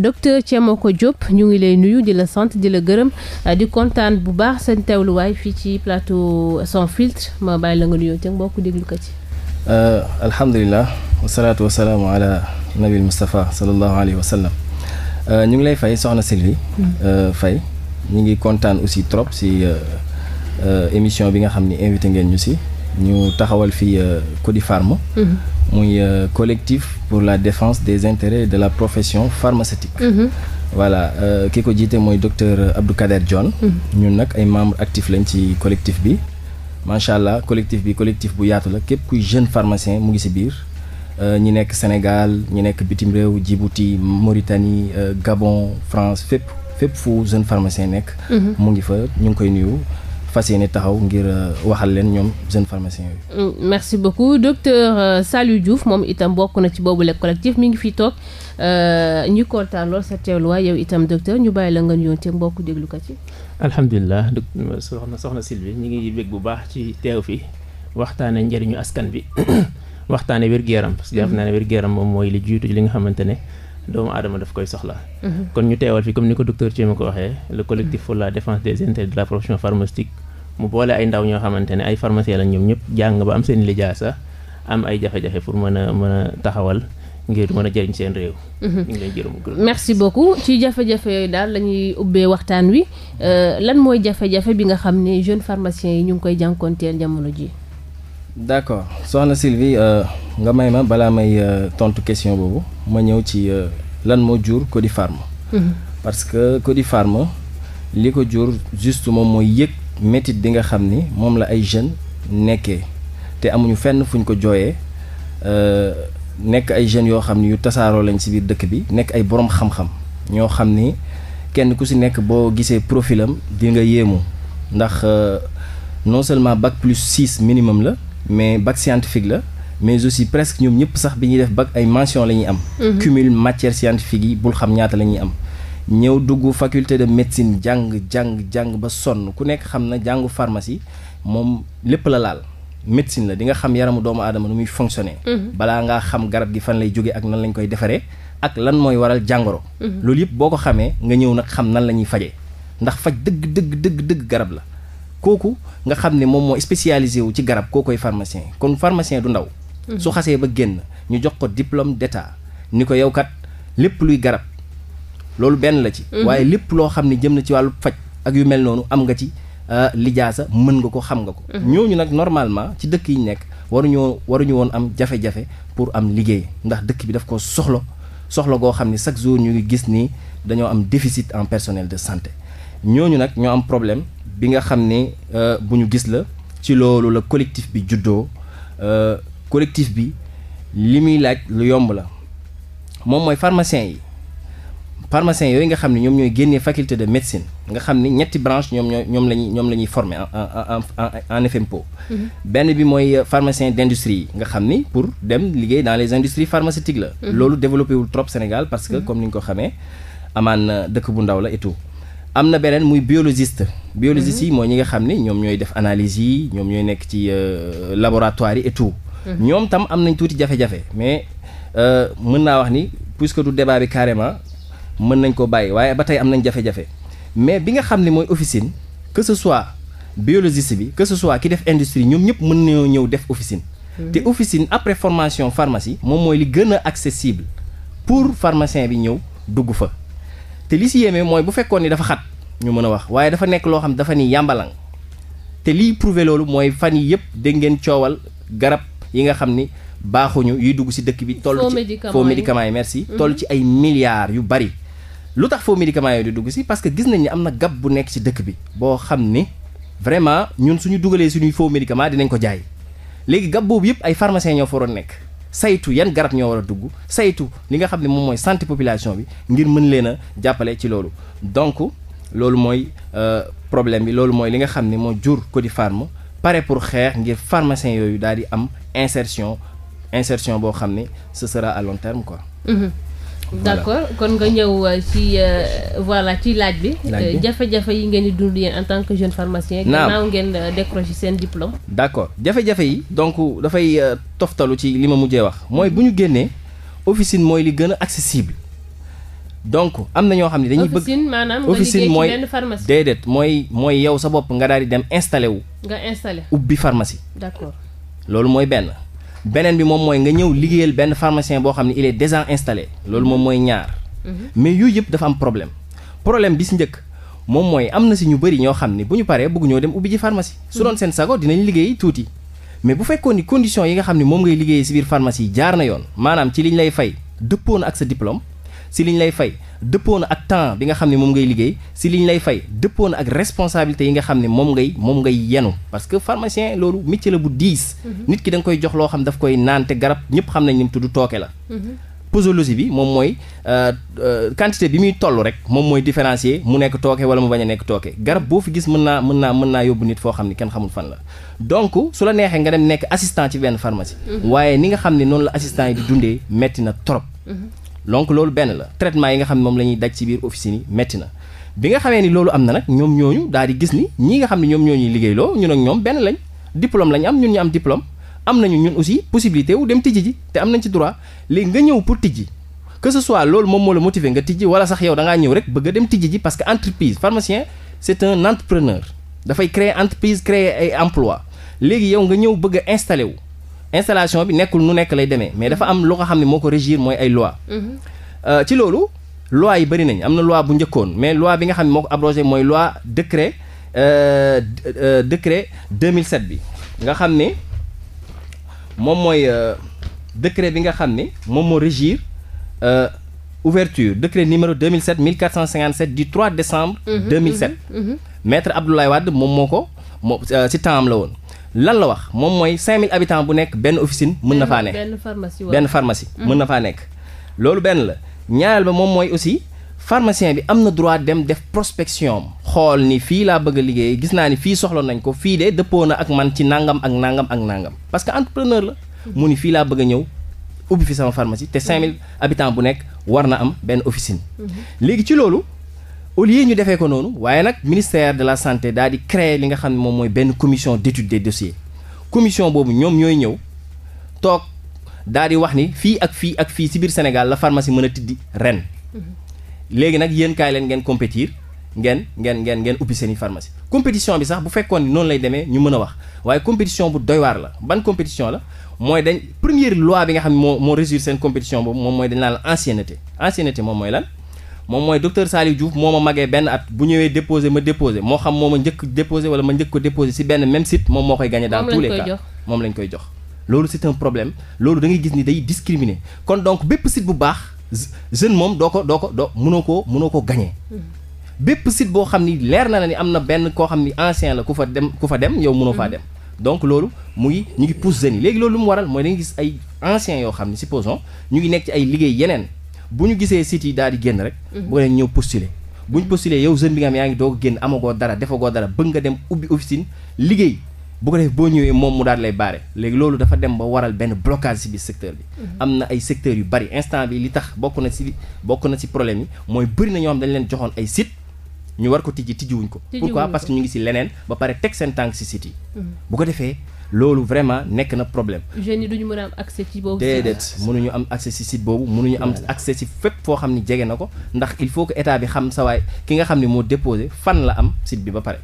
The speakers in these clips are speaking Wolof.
docteur Thiemoko Diop ñu ngi lay nuyu di la sant di la gërëm ah, di kontaan bu baax seen teewluwaay fii ci plateau sans filtre ma bàyyi la nga nuyoo te mbokk déglu ko ci. Euh, alhamdulilah wasalaatu wasalaamu ala nabil Moustapha sallallahu alayhi wa euh, ñu ngi lay fay soxna Sylvie. Hmm. Euh, fay ñu ngi kontaan aussi trop si émission bi nga xam ni invité ngeen ñu si. ñu taxawal fii euh, Codi Pharma mm-hmm. muy euh, collectif pour la défense des intérêts de la profession pharmaceutique mmh. voilà euh, ki ko jiite mooy docteur Abdou Kader John mm-hmm. ñun nag ay membres actif lañ ci collectif bi macha allah collectif bi collectif bu yaatu la képp kuy jeune pharmacien mu ngi si biir ñi nekk Sénégal ñi nekk bitim réew Djibouti Mauritanie Gabon France fépp fépp fu jeune pharmacien nekk mm-hmm. mu ngi fa ñu ngi koy nuyu fas yéene taxaw ngir euh, waxal leen ñoom jeunes pharmaciens yooyu. Mm, merci beaucoup docteur euh, Saliou Diouf moom itam bokk na ci boobule collectif mi ngi fi toog euh, ñu kontaan lool sa teewluwaay yow itam docteur ñu bàyyi la nga nuyoon te mbokku déglukat yi. alhamdulilah soxna soxna Sylvie ñu ngi bëgg bu baax ci teew fi waxtaane njëriñu askan bi waxtaane wér-gu-yaram parce que jàpp naa ne wér-gu-yaram moom mooy li jiitu li nga xamante ne doomu aadama daf koy soxla mm-hmm. kon ñu teewal fi comme ni ko docteur Thiam ko waxee le collectif pour la défense des intérêts de la mu boole ay ndaw ñoo xamante ne ay pharmacien la ñoom ñëpp jàng ba am seen lijaasa am ay jafe-jafe pour mën a mën a taxawal ngir mën a jëriñ seen réew. Mhm. ñu ngi leen jërëm merci beaucoup ci jafe-jafe yooyu daal lañuy ñuy ubbee waxtaan wi euh, lan mooy jafe-jafe bi nga xam ne jeune pharmacien yi ñu ngi koy jànkoonteel jamono ji d' accord soxna Sylvie euh, nga may ma balaa may euh, tontu question boobu ma ñëw ci lan moo jur Codifarma. Mhm. parce que codi Codifarma li ko jur juste moom mooy yëg. métit bi nga xam ni moom la ay jeunes nekkee te amuñu fenn fuñ ko jooyee euh, nekk ay jeunes yoo xam ni yu tasaaroo lañ si biir dëkk bi nekk ay boroom xam-xam ñoo xam ni kenn ku si nekk boo gisee profilam di nga yéemu ndax euh, non seulement bac plus six minimum la mais bac scientifique la mais aussi presque ñoom ñëpp sax bi ñuy def bac ay mention la ñuy am mm-hmm. cumul matière scientifique yi bul xam ñaata la ñuy am ñëw dugg faculté de médecine jàng jàng jàng ba sonn ku nekk xam na jàngu pharmacie moom lépp la laal médecine la di nga xam yaramu doomu aadama nu muy fonctionner. Mhm. balaa ngaa xam garab gi fan lay jóge ak nan lañ koy defaree ak lan mooy waral jàngoro. Mhm. loolu yëpp boo ko xamee nga ñëw nag xam nan la ñuy fajee ndax faj dëgg dëgg dëgg dëgg garab la kooku nga xam ne moom moo spécialisé wu ci garab koo koy pharmacien kon pharmacien du ndaw. Mhm. su xasee ba génn ñu jox ko diplôme d'état ni ko yow kat lépp luy garab. loolu benn la ci. Mhm. waaye lépp loo xam ne jëm na ci wàllu faj ak yu mel noonu am nga ci euh, lijaasa mën nga ko xam nga ko. Mhm. ñooñu nag normalement ci dëkk yi ñu nekk waruñoo waruñu woon am jafe-jafe pour am liggéey ndax dëkk bi daf ko soxla soxla goo xam ne chaque jour ñu ngi gis ni dañoo am déficit en personnel de santé ñooñu nag ñoo am problème bi nga xam ne euh, bu ñu gis la ci loolu la collectif bi juddoo euh, collectif bi li muy laaj lu yomb la moom mooy pharmacien yi. pharmaciens yooyu nga xam ne ñoom ñooy génnee faculté de médecine nga xam ni ñetti branche ñoom ñoo ñoom la ñuy ñoom la ñuy former en en FMPO. Mhm. benn bi mooy euh, pharmacien d' industrie yi nga xam ni pour dem liggéey dans les industries pharmaceutiques la. Mhm. loolu développé wul trop Sénégal parce que mhm. comme ni ñu ko xamee amaan dëkk bu ndaw la et am na beneen muy biologiste biologiste yi mooy ñi nga xam ni ñoom ñooy def analyse yi ñoom ñooy nekk ci euh, laboratoire yi et ñoom tam am nañ tuuti jafe-jafe mais euh, mën naa wax ni puisque du débat carrément. mën nañ ko bàyyi waaye ba tey am nañ jafe-jafe mais bi nga xam ni mooy officine que ce soit biologiste bi que ki def industrie ñoom ñëpp mën nañoo ñëw def officine hmm. te officine après formation pharmacie moom mooy li gën a accessible pour pharmacien bi ñëw dugg fa te li si yéeme mooy bu fekkoon ni dafa xat ñu mën a wax waaye dafa nekk loo xam dafa ni yàmbalang te liy prouvé loolu mooy fan yi yëpp dégg ngeen coowal garab yi nga xam ni baaxuñu yuy dugg si dëkk bi toll ci faux médicament yi merci hmm. toll ci ay milliards yu bari lu tax faux médicaments yooyu di dugg si parce que gis nañ ni am na gab bu nekk ci dëkk bi boo xam ni vraiment ñun suñu dugalee suñuy faux médicaments dinañ ko jaay léegi gab boobu yëpp ay pharmaciens ñoo fa waroon nekk saytu yan garab ñoo war a dugg saytu li nga xam ne moom mooy santé population bi ngir mën leen a jàppale ci loolu donc loolu mooy euh, problème bi loolu mooy li nga xam ne moo jur Codifarma pare pour xeex ngir pharmacien yooyu daal di am insertion insertion boo xam ne ce sera à d' accord kon nga ñëw euh, ci euh, voilà ci laaj bi. Euh, jafe-jafe yi ngeen di dund yéen en tant que jeune pharmacien. naam gannaaw ngeen décroché seen diplôme. d' accord jafe-jafe yi donc dafay toftalu ci li ma mujjee wax mooy bu ñu génnee officine mooy li gën a accessible donc am na ñoo xam ne dañuy bëgg. officine maanaam nga liggéey ci benn pharmacie déedéet mooy mooy yow sa bopp nga daal di dem installé wu. nga installé ubbi pharmacie. d' accord loolu mooy benn. beneen bi moom mooy nga ñëw liggéeyal benn pharmacien boo xam ne il est déjà installé loolu moom mooy ñaar mhm. mais yooyu yëpp dafa am problème problème bi si njëkk moom mooy am na si ñu bëri ñoo xam ni bu ñu paree bëgg ñoo dem ubbi ji pharmacie su doon seen sago dinañ liggéey tuuti mais bu fekkoon ni condition yi nga xam ne moom ngay liggéeyee si biir pharmacie jaar na yoon maanaam ci liñ lay fay dëppoon ak sa diplôme si li ñu lay fay dëppoo na ak temps bi nga xam ne moom ngay liggéey si li ñu lay fay dëppoo ak responsabilité yi nga xam ne moom ngay moom ngay yenu parce que pharmacien loolu métier la bu diis. Mhm. nit ki da koy jox loo xam daf koy naan te garab ñëpp xam nañ ni tudd tooke la. Mhm. posologie bi moom mooy euh, euh, quantité bi muy toll rek moom mooy différencier mu nekk tooke wala mu bañ a nekk tooke garab boo fi gis mën naa mën naa mën naa yóbbu nit foo xam ne kenn xamul fan la donc su la neexee nga dem nekk assistant ci benn pharmacie. Mhm. waaye nga xam ne noonu la assistant yi di dundee na trop. donc loolu benn la traitement yi nga xam ne moom la ñuy daj ci biir officine yi métti na bi nga xamee ni loolu am na nag ñoom ñooñu daal di gis ni ñi nga xam ne ñoom ñooñuy liggéeyloo ñu nag ñoom benn lañ diplôme lañ am ñun ñu am diplôme am nañu ñun aussi possibilité wu dem tijji ji te am nañ ci droit léegi nga ñëw pour tijji que ce soit loolu moom moo la motiver nga tijji wala sax yow dangaa ñëw rek bëgg a dem tijji ji parce que entreprise pharmacien c'est un entrepreneur dafay créer entreprise créer ay emploi léegi yow nga ñëw bëgg a installé wu installation bi nekkul nu nekk lay demee mais dafa am lu nga xam ne moo ko régir mooy ay loi mhm. euh, ci loolu loi yi bëri nañ am na loi bu njëkkoon mais loi bi nga xam ne moo ko abrogé mooy loi décret euh, euh, décret 2007 bi nga xam ne moom mooy décret bi nga xam ne moom moo régir ouverture décret numéro 2007 1457 du 3 décembre 2007 mhm, mhm, maître Abdoulaye Wade moom moo ko moo ci temps la woon lan la wax moom mooy 5000 habitants bu nekk benn officine mën na faa nekk benn pharmacie benn pharmacie mm-hmm. mën na faa nekk loolu benn la ñaareel ba moom mooy aussi pharmacien bi am na droit dem def prospection am xool ni fii laa bëgg a liggéey gis naa ni fii soxla nañ ko fii de dëppoo na ak man ci nangam ak nangam ak nangam parce que entrepreneur la mm-hmm. mu ni fii laa bëgg a ñëw ubbi fi sama pharmacie te 5000 habitants bu nekk war na am benn officine mm-hmm. léegi ci loolu au lieu ñu defee ko noonu waaye nag ministère de la santé daal di créer li nga xam ne moom mooy benn commission d'étude des dossiers commission boobu ñoom ñooy ñëw toog daal di wax ni fii ak fii ak fii ci biir Sénégal la pharmacie mën a tiddi ren mhm. léegi nag yéen kaay leen ngeen compétir ngeen ngeen ngeen ngeen ubbi seen i pharmacie compétition bi sax bu fekkoon ni noonu lay demee ñu mën a wax waaye compétition bu doy waar la ban compétition la mooy dañ première bi nga xam ne moo seen compétition boobu moom mooy dañ naan la moom mooy lan moom mooy docteur Saliou Diouf moo ma magee benn at bu ñëwee déposé ma déposé moo xam moo ma njëkk déposé wala ma njëkk ko déposé si benn même site moom moo koy gagné dans tous les koy jox loolu c'est un problème loolu da ngay gis day discriminer kon donc bépp site bu baax jeune moom doo ko doo ko doo mënoo koo mënoo ko gagné mm-hmm. bépp site boo xam ni leer na la ni am na benn koo xam ni ancien la ku fa dem ku fa dem yow mënoo faa mm-hmm. dem donc loolu mu ngi ñu ngi pousse jeunes yi léegi loolu lu mu waral mooy da nga gis ay anciens yoo xam ne siposon ñu ngi nekk ci ay liggéey yeneen bu ñu gisee sit yi daal di génn rek. Mhm. bu leen ñëw postuler. bu ñu postuler yow jeune bi nga yaa ngi doog génn amagoo dara defagoo dara bëgg nga dem ubbi officine liggéey bu ko def boo ñëwee moom mu daal lay baare léegi loolu dafa dem ba waral benn blocage ci biir secteur bi. Mhm. am na ay secteurs yu bari instant bi li tax bokk na ci bokk na ci problème yi mooy bëri na ñoo xam dañ leen joxoon ay sites ñu war ko tijji tijjiwuñ ko. pourquoi parce que ñu ngi ci leneen ba pare seen tànk ci mhm. bu ko defee loolu vraiment nekk na problème. jeunes yi duñu mën a am accès ci boobu. déedéet mënuñu am accès si site boobu mënuñu am accès si fépp foo xam ni jege na ko ndax il faut que état bi xam sa ki nga xam ne moo déposé fan la am site bi ba pare.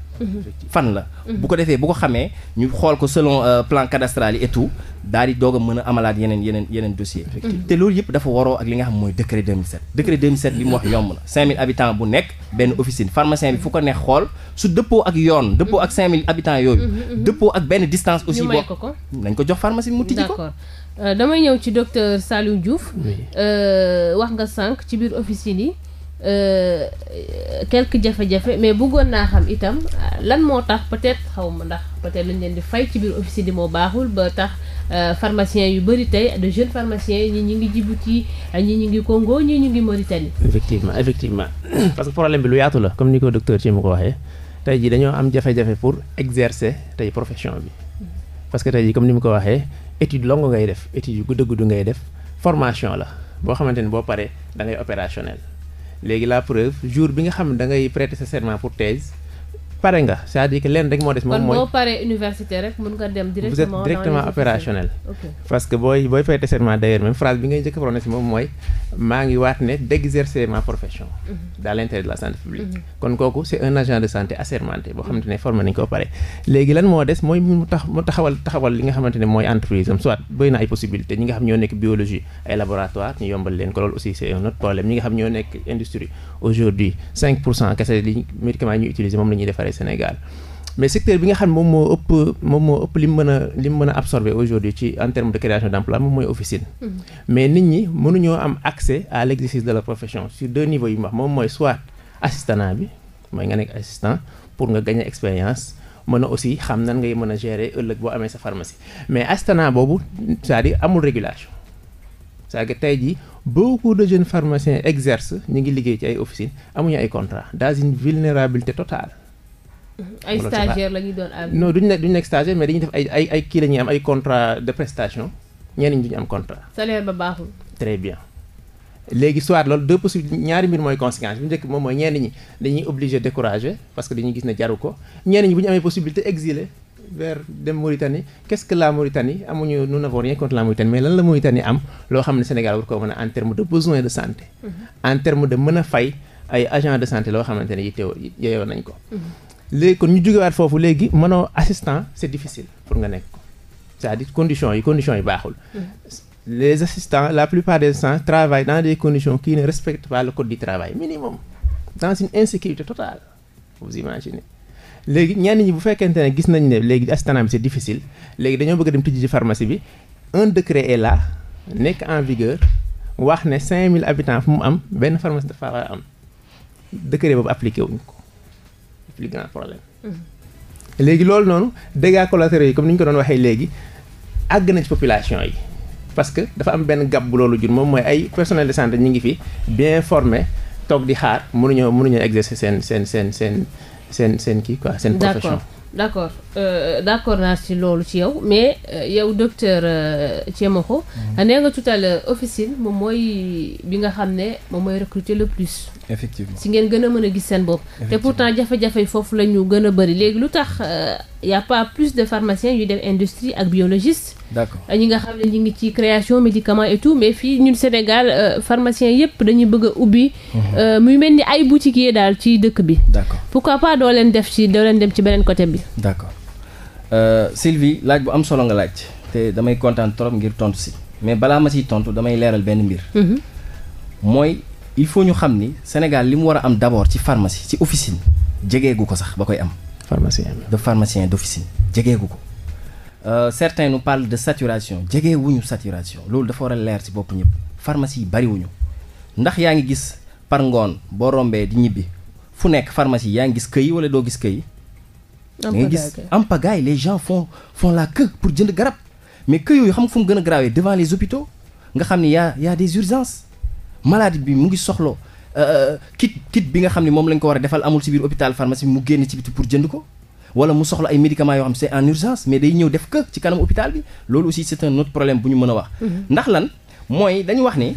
fan la mhm. bu ko defee bu ko xamee ñu xool ko selon euh, plan cadastral yi et daal di doog a mën a amalaat yeneen yeneen yeneen dossier te loolu yëpp dafa waroo ak li nga xam mooy décret 2007 décret 2007 li mu wax yomb na 5000 habitants bu nekk benn officine pharmacien bi fu ko neex xool su dëppoo ak yoon dëppoo ak 5000 habitants yooyu mhm, mhm, dëppoo ak benn distance aussi boo nañ ko jox pharmacie mu tijji ko euh, damay ñëw ci docteur Saliou Diouf euh, wax nga sànq ci biir officine yi Euh, quelques jafe-jafe mais bëggoon naa xam itam lan moo tax peut-être xaw ma ndax peut-être lañ leen di fay ci biir office di moo baaxul ba tax euh, pharmaciens yu bëri tey de jeunes pharmaciens ñi ñu ngi Djibouti ñi ñu ngi Congo ñi ñu ngi Mauritanie. effectivement effectivement parce que problème bi lu yaatu la comme ni ko docteur ci mu ko waxee tey jii dañoo am jafe-jafe pour exercer tey profession bi parce que tey jii comme ni mu ko waxee étude longue ngay def étude yu gudd gudd ngay def formation la boo xamante ni boo paree da ngay opérationnel. léegi la preuve jour bi nga xam ne da ngay sa serment pour thèse pare nga cest nga dem. directement vous êtes directement opérationnel. Okay. parce que booy booy prêter serment d'ailleurs même phrase bi ngay njëkk a prononcé moom mooy maa ngi waat ne d'exercer profession. Mm -hmm. de la santé publique. Mhm. kon kooku c'est un agent de santé assermenté boo xamante ne formé nañu ko pare. léegi lan moo des mooy mu tax mu taxawal taxawal li nga xamante ne mooy entreprise am soit bëri na ay possibilités ñi nga xam ñoo nekk biologie ay laboratoire ñu yombal leen taxawaayu Sénégal mais secteur bi nga xam moom moo ëpp moom moo ëpp li mu mën a li mu mën a absorber aujourd'hui ci en terme de création d'emploi moom mooy officine mm-hmm. mais nit ñi mënuñoo am accès à l'exercice de la profession sur deux niveaux yu mu wax moom mooy soit assistanat bi mooy nga nekk assistant pour nga gagner expérience mën a aussi xam nan ngay mën a gérer ëllëg boo amee sa pharmacie mais assistanat boobu c'est-à-dire amul régulation c'est-à-dire tey jii beaucoup de jeunes pharmaciens exercent ñu ngi liggéey ci ay officines amuñu ay contrat ay stagiaires la ñuy doon am. non duñu nekk nekk stagiaire mais dañuy def ay ay ay kii la am ay contrat de prestation ñeen ñi duñu am contrat. salaire ba baaxul. très bien léegi soit loolu deux possible ñaari mbir mooy conséquence bu njëkk moom mooy ñeen ñi dañuy obligé décourager parce que dañuy gis ne jaru ko ñeen ñi bu ñu amee possibilité exilé vers dem Mauritanie qu'est-ce que la Mauritanie amuñu nous n'avons rien contre la Mauritanie mais lan la Mauritanie am loo xam ne Sénégal war koo mën a en terme de besoin de mhm. mën fay ay agents de santé loo xamante ne yittewoo yeyoo nañ ko. Mhm. léegi kon ñu jógewaat foofu léegi mënoo assistant c'est difficile pour nga nekk ko cest à yi conditions yi baaxul. Mm-hmm. les assistants la plupart des gens travaillent dans des conditions kii ne respectent pas le code du travail minimum dans une insécurité totale vous imaginez léegi ñenn ñi bu fekkente ne gis nañ ne léegi assistant bi c'est difficile léegi dañoo bëgg a dem tijji ci pharmacie bi un décret est là nekk en vigueur wax ne 5000 habitants fu mu am benn pharmacie dafa war am décret boobu appliqué wuñ ko. plus mm-hmm. léegi loolu noonu dégâts collatéraux yi comme ni ñu ko doon waxee léegi àgg na ci population yi. parce que dafa am benn gab bu loolu jur moom mooy ay personnel de santé ñu ngi fi bien formé toog di xaar mënuñoo mënuñoo exercer seen seen seen seen seen seen kii quoi seen profession. d' accord euh, d' accord naa ci loolu ci yow mais euh, yow docteur euh, Thiemokho. Mhm. nee nga tout à l'heure officine moom mooy bi nga xam ne moom mooy recruter le plus. effectivement si ngeen gën a mën a gis seen bopp. te pourtant jafe-jafe foofu la ñu gën a bëri léegi lu tax euh, y' a pas plus de pharmaciens yu dem industrie ak biologiste. d' ñi nga xam ne ñu ngi ci création médicament et tout mais fii ñun Sénégal pharmaciens yëpp dañuy bëgg a ubbi. Mhm. mu mel ni ay boutiquier daal ci dëkk bi. d' accord pourquoi pas doo leen def bi accord euh, Sylvie laaj bu am solo nga laaj te damay kontaan trop ngir tontu si mais balaa ma siy tontu damay leeral benn mbir mhm. mooy il faut ñu xam ni Sénégal li mu war a am d' abord ci pharmacie ci officine jegeegu ko sax ba koy am pharmacien de pharmacien d' officine jegeegu ko Euh, certains nous parlent de saturation jege wuñu saturation loolu dafa war a leer si bopp ñëpp pharmacie bariwuñu ndax yaa ngi gis par ngoon boo rombee di ñibbi fu nekk pharmacie yaa ngi gis këy wala doo gis këy da ngay gis am pagaille les gens font font la queue pour jënd garab mais que yooyu xam nga fu mu gën a graawee devant les hôpitaux nga xam ni y'a y'a des urgences maladie bi mu ngi soxlo euh, euh, kit kit bi nga xam ne moom lañ ko war a defal amul ci biir hôpital pharmacie mu génn ci biti pour jënd ko wala mu soxla ay médicaments yoo xam c'est en urgence mais day ñëw def que ci kanam hôpital bi loolu aussi c'est un autre problème bu ñu mën a wax mhm. ndax lan mooy dañu wax ne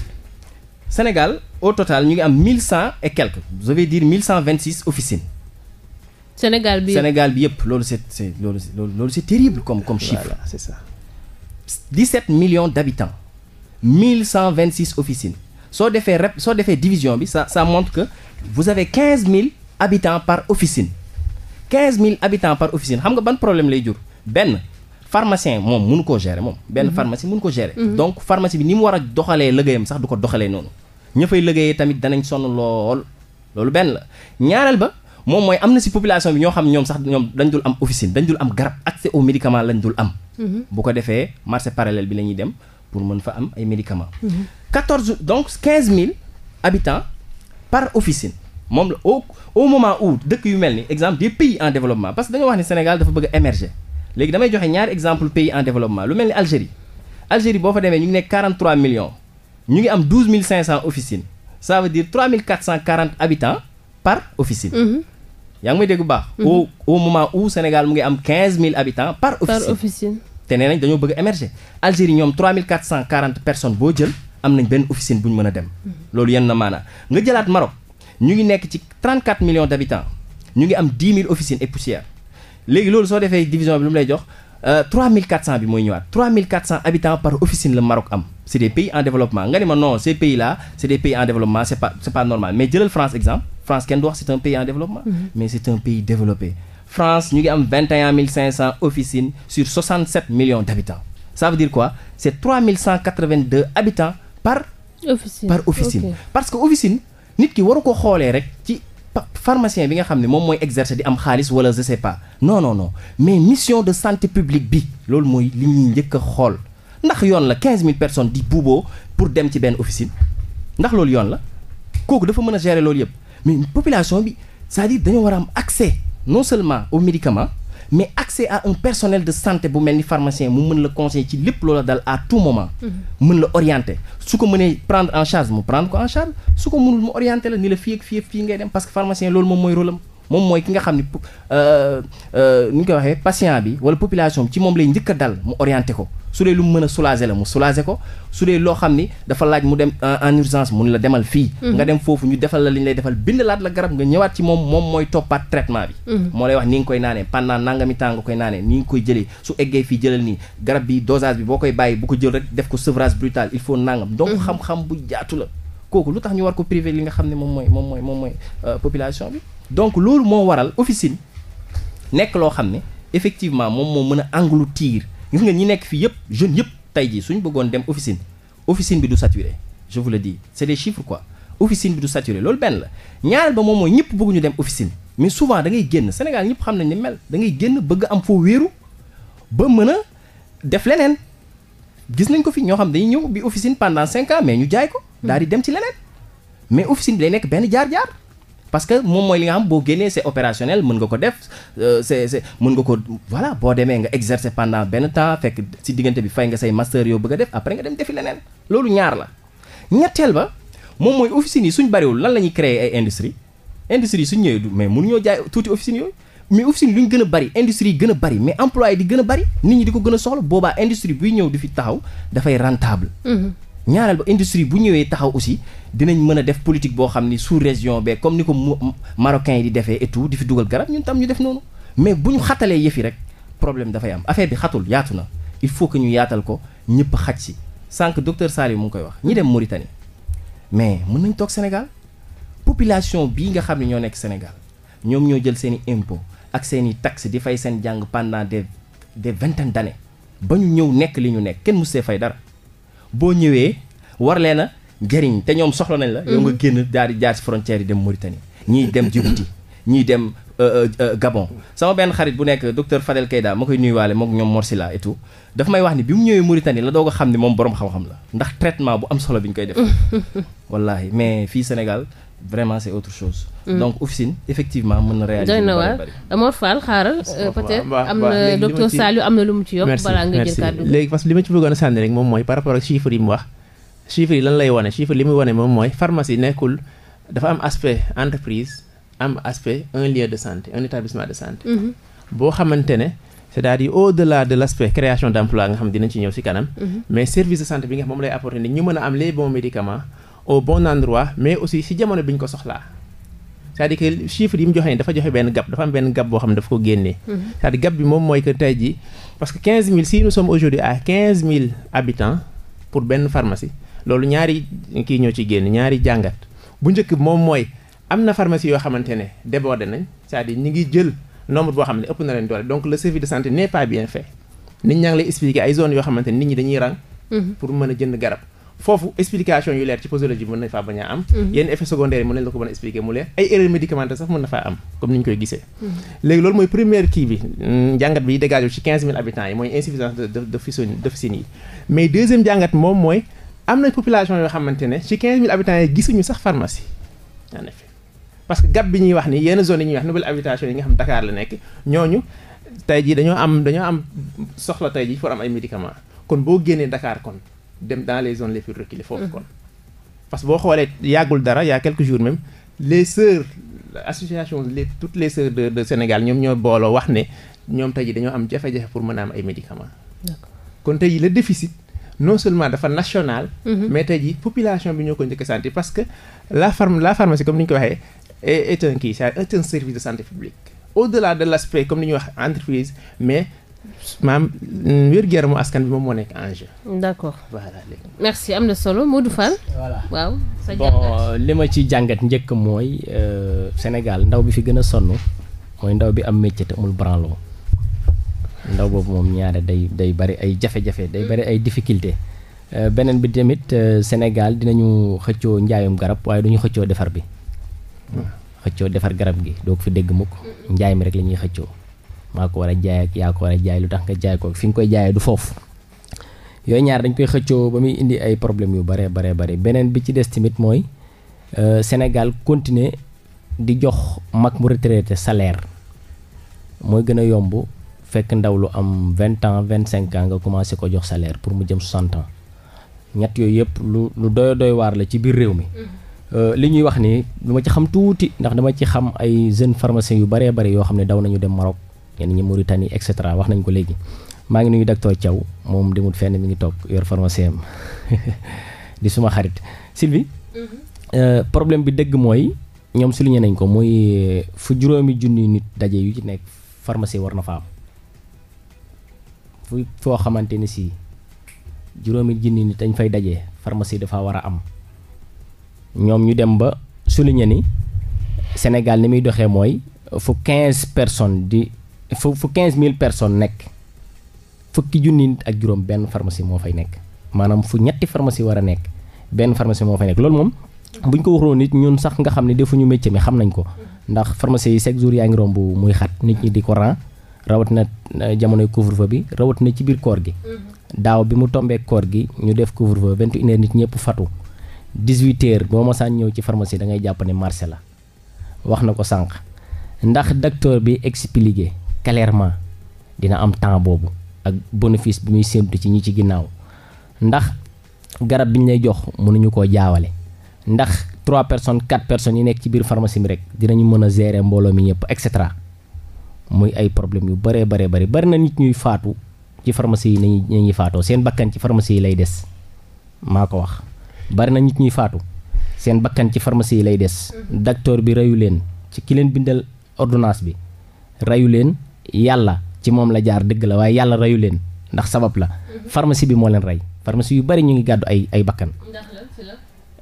ñu ngi am mille cent et quelques je vais dire mille Sénégal bi yëpp Sénégal bi yëpp loolu c'est c'est loolu loolu c'est terrible comme comme chiffre. voilà c'est ça. 17 millions d'habitants 1126 officines soo defee rep soo defee division bi sa ça montre que vous avez 15 000 habitants par officine 15 000 habitants par officine xam nga ban problème lay jur benn. pharmacien moom mënu koo gérer moom benn mhm. pharmacie mënu ko gérer mhm. donc pharmacie bi ni mu war a doxalee liggéeyam sax du ko doxalee noonu ña fay liggéeyee tamit danañ sonn lool loolu benn la ñaareel ba moom mooy am na si population bi ñoo xam ñoom sax ñoom dañ dul am officine dañ dul am garab accès aux médicaments lañ dul am. Mhm. bu ko defee marché parallèle bi la dem pour mën fa am ay médicaments. Mhm. quatorze donc quinze mille habitants par officine moom la au moment où dëkk yu mel ni exemple des pays en développement parce que dañoo wax ne Sénégal dafa bëgg a émerger léegi damay joxe ñaari exemple pays en développement lu mel ni Algérie Algérie boo fa demee ñu ngi nekk 43 millions ñu ngi am 12 500 officines ça veut dire 3 440 habitants. par officine. Mhm. yaa ngi may dégg baax. Mhm. au au moment où Sénégal mu ngi am quinze mille habitants par. officine par officine. te nee dañoo bëgg émerger Algérie ñoom trois boo jël am nañ benn officine bu ñu mën a dem. Mhm. loolu yenn na maanaa nga jëlaat Maroc ñu ngi nekk ci trente quatre millions d' ñu ngi am dix et poussière léegi loolu soo defee division bi lu mu lay jox. Euh, habitants par officine la Maroc am c' est pays en développement nga ne ma non ces pays là c' pense kenn du wax c'est un pays en développement. Mm -hmm. mais c'est un pays développé. France ñu ngi am vingt mille cinq cent officines sur soixante sept millions d'habitants ça veut dire quoi c'est trois mille cent habitants par. officine parce que officine nit ki waru ko xoolee rek ci. pharmacien bi nga xam ne moom mooy exercer di am xaalis wala je sais no non non mais mission de santé publique bi loolu mooy li ñuy njëkk xool ndax yoon la quinze mille personnes di buuboo pour dem ci benn officine ndax loolu yoon la kooku dafa mën a gérer loolu yëpp mais population bi c'est-à-dire dañoo war a am accès non seulement aux médicaments mais accès à un personnel de santé bu mel ni pharmacien mu mën la conseil ci lépp loola dal à tout moment. Mm-hmm. mën la orienter su ko mënee prendre en charge mu prendre ko en charge su ko mënul mu orienter la ni la fii yëpp fii ak fii ngay dem parce que pharmacien loolu moom mooy rôle am moom mooy ki nga xam ni euh, euh, nu ñu koy waxee patient bi wala population bi ci moom lay njëkk a dal mu orienter ko. su dee lu mu mën a soulager la mu soulager ko su dee loo xam ni dafa laaj mu dem euh, en urgence mun la demal fii mhm. nga dem foofu ñu defal la li ñu lay defal bind laat la garab nga ñëwaat ci moom moom mooy toppaat traitement bi mhm. moo lay wax ni nga koy naanee pendant nangami temps nga koy naanee ni nga koy jëlee su eggee fii jëlal nii garab bi dosage bi boo koy bàyyi bu ko jël rek def ko sevrage brutal il faut nangam donc mhm. xam-xam bu jaatu la kooku lu tax ñu war ko privé li nga xam ne moom mooy moom mooy moom mooy euh, population bi donc loolu moo waral officine nekk loo xam ne effectivement moom moo mën a engloutir gis nga ñi nekk fii yëpp jeunes yëpp tey jii suñu bëggoon dem officine officine bi du saturé je vous le dis c'est des chiffres quoi officine bi du saturé loolu benn la ñaareel ba moom mooy ñëpp bëgguñu dem officine mais souvent da génn Sénégal ñëpp xam nañ ni mel da ngay génn bëgg am foo wéeru ba mën a def leneen gis nañ ko fi ñoo xam dañuy ñëw bi officine pendant cinq ans mais ñu jaay ko daal di dem ci leneen mais officine bi day nekk benn jaar-jaar parce que moom mooy li nga xam boo génnee c'est opérationnel mën nga ko def euh, c'est c'est mën nga ko voilà boo demee nga exercer pendant benn temps fekk si diggante bi fay nga say master yoo bëgg a def après nga dem defi leneen loolu ñaar la ñetteel ba moom mooy officines yi suñ bariwul lan la ñuy créer ay industrie industrie suñ ñëwee mais mënuñoo jaay tuuti officines yooyu mais officine lu ñu gën a bari industrie yi gën a bari mais employé di gën a bari ñi di ko gën a boobaa industrie buy ñëw di fi taxaw dafay rentable. Mm-hmm. ñaareel ba industrie bu ñëwee taxaw aussi dinañ mën a def politique boo xam ni sous région bee comme ni ko marocain yi di defee et di fi dugal garab ñun tam ñu def noonu mais bu ñu xatalee yëf rek problème dafay am affaire bi xatul yaatu na il faut que ñu yaatal ko ñëpp xaj si sànq docteur Saliou mu ngi koy wax ñi dem Mauritanie mais mën nañ toog Sénégal population bii nga xam ne ñoo nekk Sénégal ñoom ñoo jël seen i impôt ak seen i taxe di fay seen jàng pendant des des vingtaine d'années ba ñu ñëw nekk li ñu nekk kenn mu see fay dara boo ñëwee war leen a jëriñ te ñoom soxla nañ la. Mm. yow nga génn jaar di jaar si frontière yi dem Mauritanie. ñii dem Djibouti ñii dem euh, euh, euh, Gabon. sama benn xarit bu nekk docteur Fadel Keïda ma koy nuyuwaale moom ñoom Morsila et tout daf may wax ni bi mu ñëwee Mauritanie la doo a xam ni moom borom xam-xam la ndax traitement bu am solo bi ñu koy def. wallaahi mais fii Sénégal vraiment c' autre chose. Mm. donc officine effectivement mën na réaliser. doy na waar xaaral euh, peut-être am na docteur Saliou am na lu mu ci yokk. balaa nga jël kàddu léegi parce que li ma ci a sànni rek moom mooy par rapport ak chiffres yi mu wax. chiffres yi lan lay wane chiffres li muy wane moom mooy pharmacie nekkul dafa am aspect entreprise am aspect un lieu de santé un établissement de santé. Mm-hmm. boo xamante ne c'est-à-dire au-delà de l'aspect création d'emploi nga xam dinañ ci ñëw ci kanam. Mm-hmm. mais service de santé bi nga xam au bon endroit mais aussi si jamono bi ñu ko soxlaa c'est-à-dire que yi mu joxe nii dafa joxe benn gap dafa am benn gap boo xam ne dafa ko génnee. Mhm. c'est-à-dire gap bi moom mooy que tey jii parce que 15000 si nous sommes aujourd'hui à 15000 habitants pour benn pharmacie loolu ñaari kii ñoo ci génne ñaari jàngat bu njëkk moom mooy am na pharmacie yoo xamante ne débordé nañ c'est-à-dire ngi jël nombre boo xam ne ëpp na leen doole donc le service de santé n'est pas bien fait nit ñaa ne nit ñi dañuy rang. Mhm. pour mën a jënd garab. foofu explication yu leer ci posologie mën na faa bañ a am mhm. yenn effet secondaire yi mën nañ la ko mën a expliquer mu leer ay erreur médicamenteuses sax mën na faa am comme ni ñu koy gisee mhm. léegi loolu mooy première kii bi mm, jàngat bi dégagé ci quinze mille habitants yi mooy insuffisance de d'officines yi mais deuxième jàngat moom mooy am na population yoo xamante ne ci quinze mille habitants yi gisuñu sax pharmacie parce que gap bi ñuy wax ni yenn zone yi ñuy wax nouvelle habitation yi nga xam tey jii dañoo am dañoo am soxla tey jii pour ay médicaments kon boo génnee Dakar kon dem dans les zones les plus reculées foofu mhm. kon parce que boo xoolee yàggul dara y a quelques jours les sœurs association les toutes les sœurs de de Sénégal ñoom ñoo booloo wax ne ñoom tey jii dañoo am jafe-jafe pour mën a am ay médicaments. kon tey jii le déficit non seulement dafa national. Mhm. mais tey jii population bi ñoo ko njëkk a santé parce que la pharm la pharmacie comme ni ñu ko waxee est un kii c'est un service de santé publique. au delà de l' comme ni ñuy wax entreprise mais. maam mm, wér-gu-yaramu askan bi moom moo nekk enjeu. d'accord merci am na solo Modou Fall. waaw sa jàngat euh, li ma ci jàngat njëkk mooy euh, Sénégal ndaw bi fi gën a sonn mooy ndaw bi am métier te amul branlon ndaw boobu moom ñaare day day bari ay jafe-jafe day bari ay difficulté euh, beneen bi tamit Sénégal dinañu xëccoo njaayum garab waaye du ñu xëccoo defar bi hmm. xëccoo defar garab gi doo ko fi dégg mukk hmm. njaay mi rek la ñuy xëccoo. maa ko war a jaay ak yaa ko war a jaay lu tax nga jaay ko fi nga koy jaayee du foofu yooyu ñaar dañ koy xëccoo ba muy indi ay problèmes yu bare bare beneen bi ci des tamit mooy euh, Sénégal continuer di jox mag mu retraité salaire mooy gën a yomb fekk ndaw lu am vingt ans vingt cinq ans nga commencé ko jox salaire pour mu jëm soixante ans ñett yooyu yëpp lu lu doy doy waar la ci biir réew mi. Mm-hmm. Euh, li ñuy wax ni dama ci xam tuuti ndax dama ci xam ay jeunes pharmaciens yu baree bari yoo xam ne daw nañu dem Maroc. ñenn ñi Mauritanie et cetera wax nañ ko léegi maa ngi nuyu docteur Thiaw moom demul fenn mi ngi toog yor pharmacien am di suma xarit Sylvie mhm. euh, problème bi dëgg mooy ñoom souligné nañ ko muy euh, fu juróomi junni nit daje yu ci nekk pharmacie war na fa am fu foo xamante ni si juróomi junni nit dañ fay daje pharmacie dafa war a am ñoom ñu dem ba souligné ni Sénégal ni muy doxee mooy fu 15 personnes di fu fu quinze mille personnes nekk fukki junni nit ak juróom benn pharmacie moo fay nekk maanaam fu ñetti pharmacie war a nekk benn pharmacie moo fay nekk loolu moom bu ko waxoon nit ñun sax nga xam ne defuñu métier mi xam nañ ko ndax pharmacie yi chaque jour yaa ngi romb muy xat nit ñi di ko ran rawatina euh, jamonoy couvre-feu bi rawatina ci biir koor gi. Mm-hmm. daaw bi mu tombee koor gi ñu def couvre-feu vingt et une nit ñëpp fatu dix-huit heures boo ma saa ñëw ci pharmacie da ngay jàpp ne marché la wax na ko sànq ndax docteur bi expliqué clairement dina am temps boobu ak bénéfice bi muy séntu ci ñi ci ginnaaw ndax garab bi lay jox mënuñu ko jaawale ndax trois personnes quatre personnes yi nekk ci biir pharmacie bi rek dinañu mën a gérer mbooloo mi ñëpp et cetera muy ay problème yu bëree bëree bëri bari na nit ñuy faatu ci pharmacie yi nañuy nañuy faatoo seen bakkan ci farmasi yi lay des maa ko wax bari na nit ñuy faatu seen bakkan ci farmasi yi lay des docteur bi reyu leen ci ki leen bindal ordonnance bi reyu leen yàlla ci moom la jaar dëgg la waaye yàlla reyu leen ndax sabab la mhm. pharmacie bi moo leen rey pharmacie yu bari ñu ngi gàddu ay ay bakkan